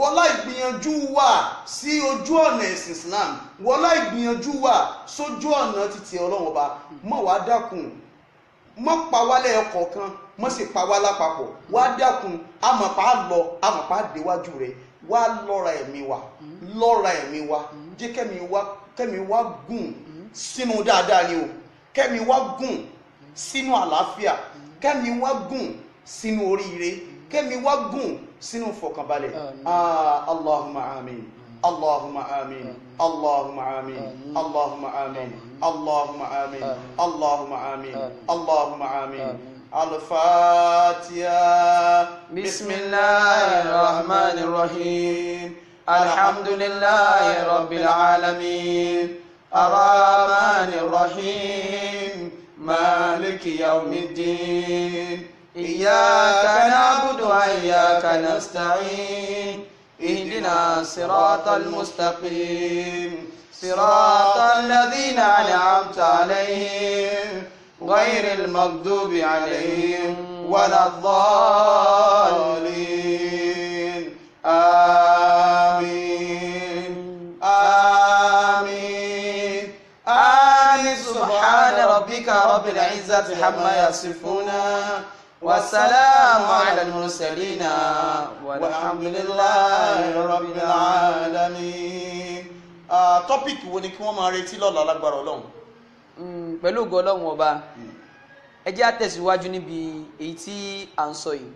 wọlá ìgbìyànjú wa sí ojú ọ̀nà ẹ̀sìn Islam wọlá ìgbìyànjú wa sójú ọ̀nà títí ọlọ́run ọba mọ̀ hmm. wá dákun mọ̀ pa wálẹ̀ ọkọ̀ kan mọ́ sì pa wá lápapọ̀ wá dákun àmọ̀pá lọ àmọ̀pá déwájú rẹ̀ wá lọ́ra ẹ̀mí wa lọ́ra ẹ̀mí wa jẹ́ kẹ́mi wá kẹ́mi wá gùn sínú dáadáa ni o kẹ́mi wá gùn sínú àlàáfíà kẹ́mi wá gùn sínú oríire kẹ́mi wá gùn sínú fọkànbalẹ̀ ah, allahumma amin allahumma amin allahumma amin allahumma amin allahumma amin allahumma amin allahumma amin. الفاتحة بسم الله الرحمن الرحيم الحمد لله رب العالمين الرحمن الرحيم مالك يوم الدين إياك نعبد وإياك نستعين اهدنا الصراط المستقيم صراط الذين أنعمت عليهم غير المغضوب عليهم ولا الضالين آمين آمين آمين سبحان ربك رب العزة عما يصفون والسلام على المرسلين والحمد لله رب العالمين topic wo ni kí wọ́n máa retí lọ́la lágbára ọlọ́run pẹ̀lú ògo ọlọ́run ọba ẹ jẹ́ á tẹ̀síwájú níbi èyí tí à ń sọ yìí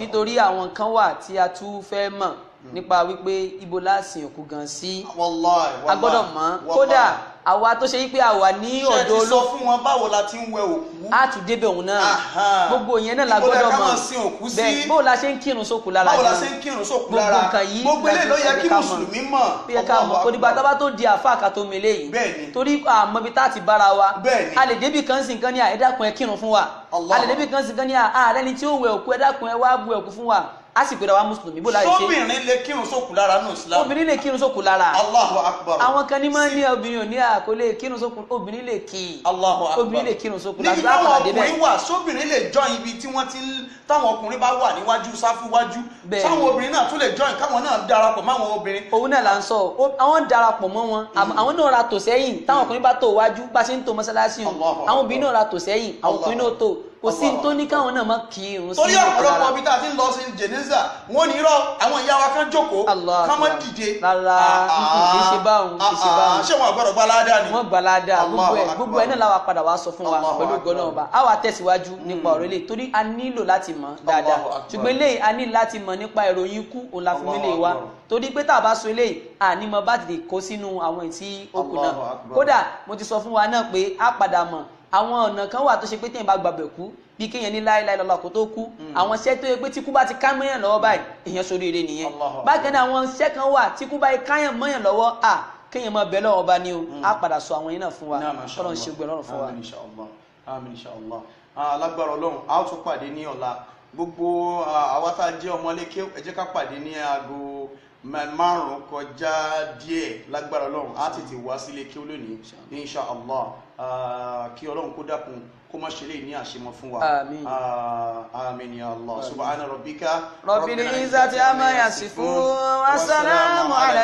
nítorí àwọn kan wà tí a tún fẹ́ mọ̀ Hmm. nípa wípé ibo láàsìn òkú gan sí ah, a gbọ́dọ̀ mọ̀ kódà àwa tó ṣe wípé àwa ní ọ̀dọ̀ olú. sọ fún wọn báwo la ti ń wẹ òkú. a tún débẹ̀ òun náà gbogbo ìyẹn náà la gbọ́dọ̀ mọ̀ bẹ́ẹ̀ báwo la ṣe ń kírun sókù lára báwo la ṣe ń kírun sókù lára gbogbo nǹkan yìí gbogbo eléyìí ló yẹ kí mùsùlùmí mọ̀ ọgbọ́n wa kọ́ kò dìgbà tá a bá tó di àfa àkàtó mi léyìí torí àmọ́bi tá a ti bára wa a lè débi kan sí nǹkan ní à ẹ dákun ẹ kírun fún wa a lè débi kan sí nǹkan ní à a sì pèrè wa mùsùlùmí bó láì ṣe. sóbìnrin lè kírun sókù lára nù islam. obìnrin lè kírun sókù lára. Allahu akbar. àwọn kan ní máa ń ní obìnrin ò ní àkọlé kírun sókù obìnrin lè kí. Allahu akbar. obìnrin lè kírun sókù lára. níbi táwọn ọkùnrin wà sóbìnrin lè jọ ibi tí wọ́n ti ń táwọn ọkùnrin bá wà níwájú sáfù wájú. bẹ́ẹ̀ táwọn obìnrin náà tún lè jọ káwọn náà darapọ̀ mọ́ àwọn obìnrin. òun náà là ń sọ àwọn darapọ̀ mọ́ wọn mm. àwọn náà ra tòsẹ́yìn táwọn ọkùnrin bá tò kò sí tó ní káwọn náà má kí irun sí torí ọ̀pọ̀lọpọ̀ ibi tá a ti ń lọ sí jẹ̀nẹ́sà wọn ní irọ́ àwọn ìyá wa kan jókòó ká má dìde. rárá ah, kì í ṣe báwọn kì í ṣe báwọn. Ah, ṣé wọn àgbàdo gbalada ni. wọn gbalada gbogbo ẹ gbogbo ẹ náà làwa padà wá sọ fún wa pẹ̀lú gbọ́dọ̀ ọba a wà tẹ̀síwájú hmm. nípa ọ̀rọ̀ eléyìí torí a nílò láti mọ̀ dáadáa ṣùgbọ́n eléyìí a ní láti mọ̀ nípa ìròyìn ikú òun la fi mí lè wa torí pé tá a bá sọ eléyìí àní mo bá ti kó sínú àwọn ìtí òkú náà kódà mo ti sọ fún wa náà pé a padà mọ̀ àwọn ọ̀nà kan wà tó ṣe pé téèyàn bá gbàgbẹ́ kú bí kéèyàn ní láéláé lọ́la kó tó kú hmm. àwọn iṣẹ́ tó yẹ pé tí kú bá ti ká mọ́yàn lọ́wọ́ báyìí èèyàn ṣoríire nìyẹn bákan náà àwọn iṣẹ́ kan wà tí kú bá káyàn mọ́yàn lọ́wọ́ à kéèyàn máa bẹ lọ́wọ́ bá ní o á hmm. padà sọ àwọn yìí náà fún wa Ọlọ́run ṣe gbẹ lọ́rùn fún wa. alágbára Ọlọ́run a ó tún pàdé ní ọ̀la gbogbo àwa tá a jẹ́ ọmọléke márùn kọjá díẹ̀ lágbára ọlọ́run á tètè wá sílé kí ó lónìí insha allah kí ọlọ́run kó dákun kó má ṣe lè ní àṣemọ fún wa amin ya allah subhana rabbika Rabbi ni rabbil izzati amma yasifun wa salamun ala.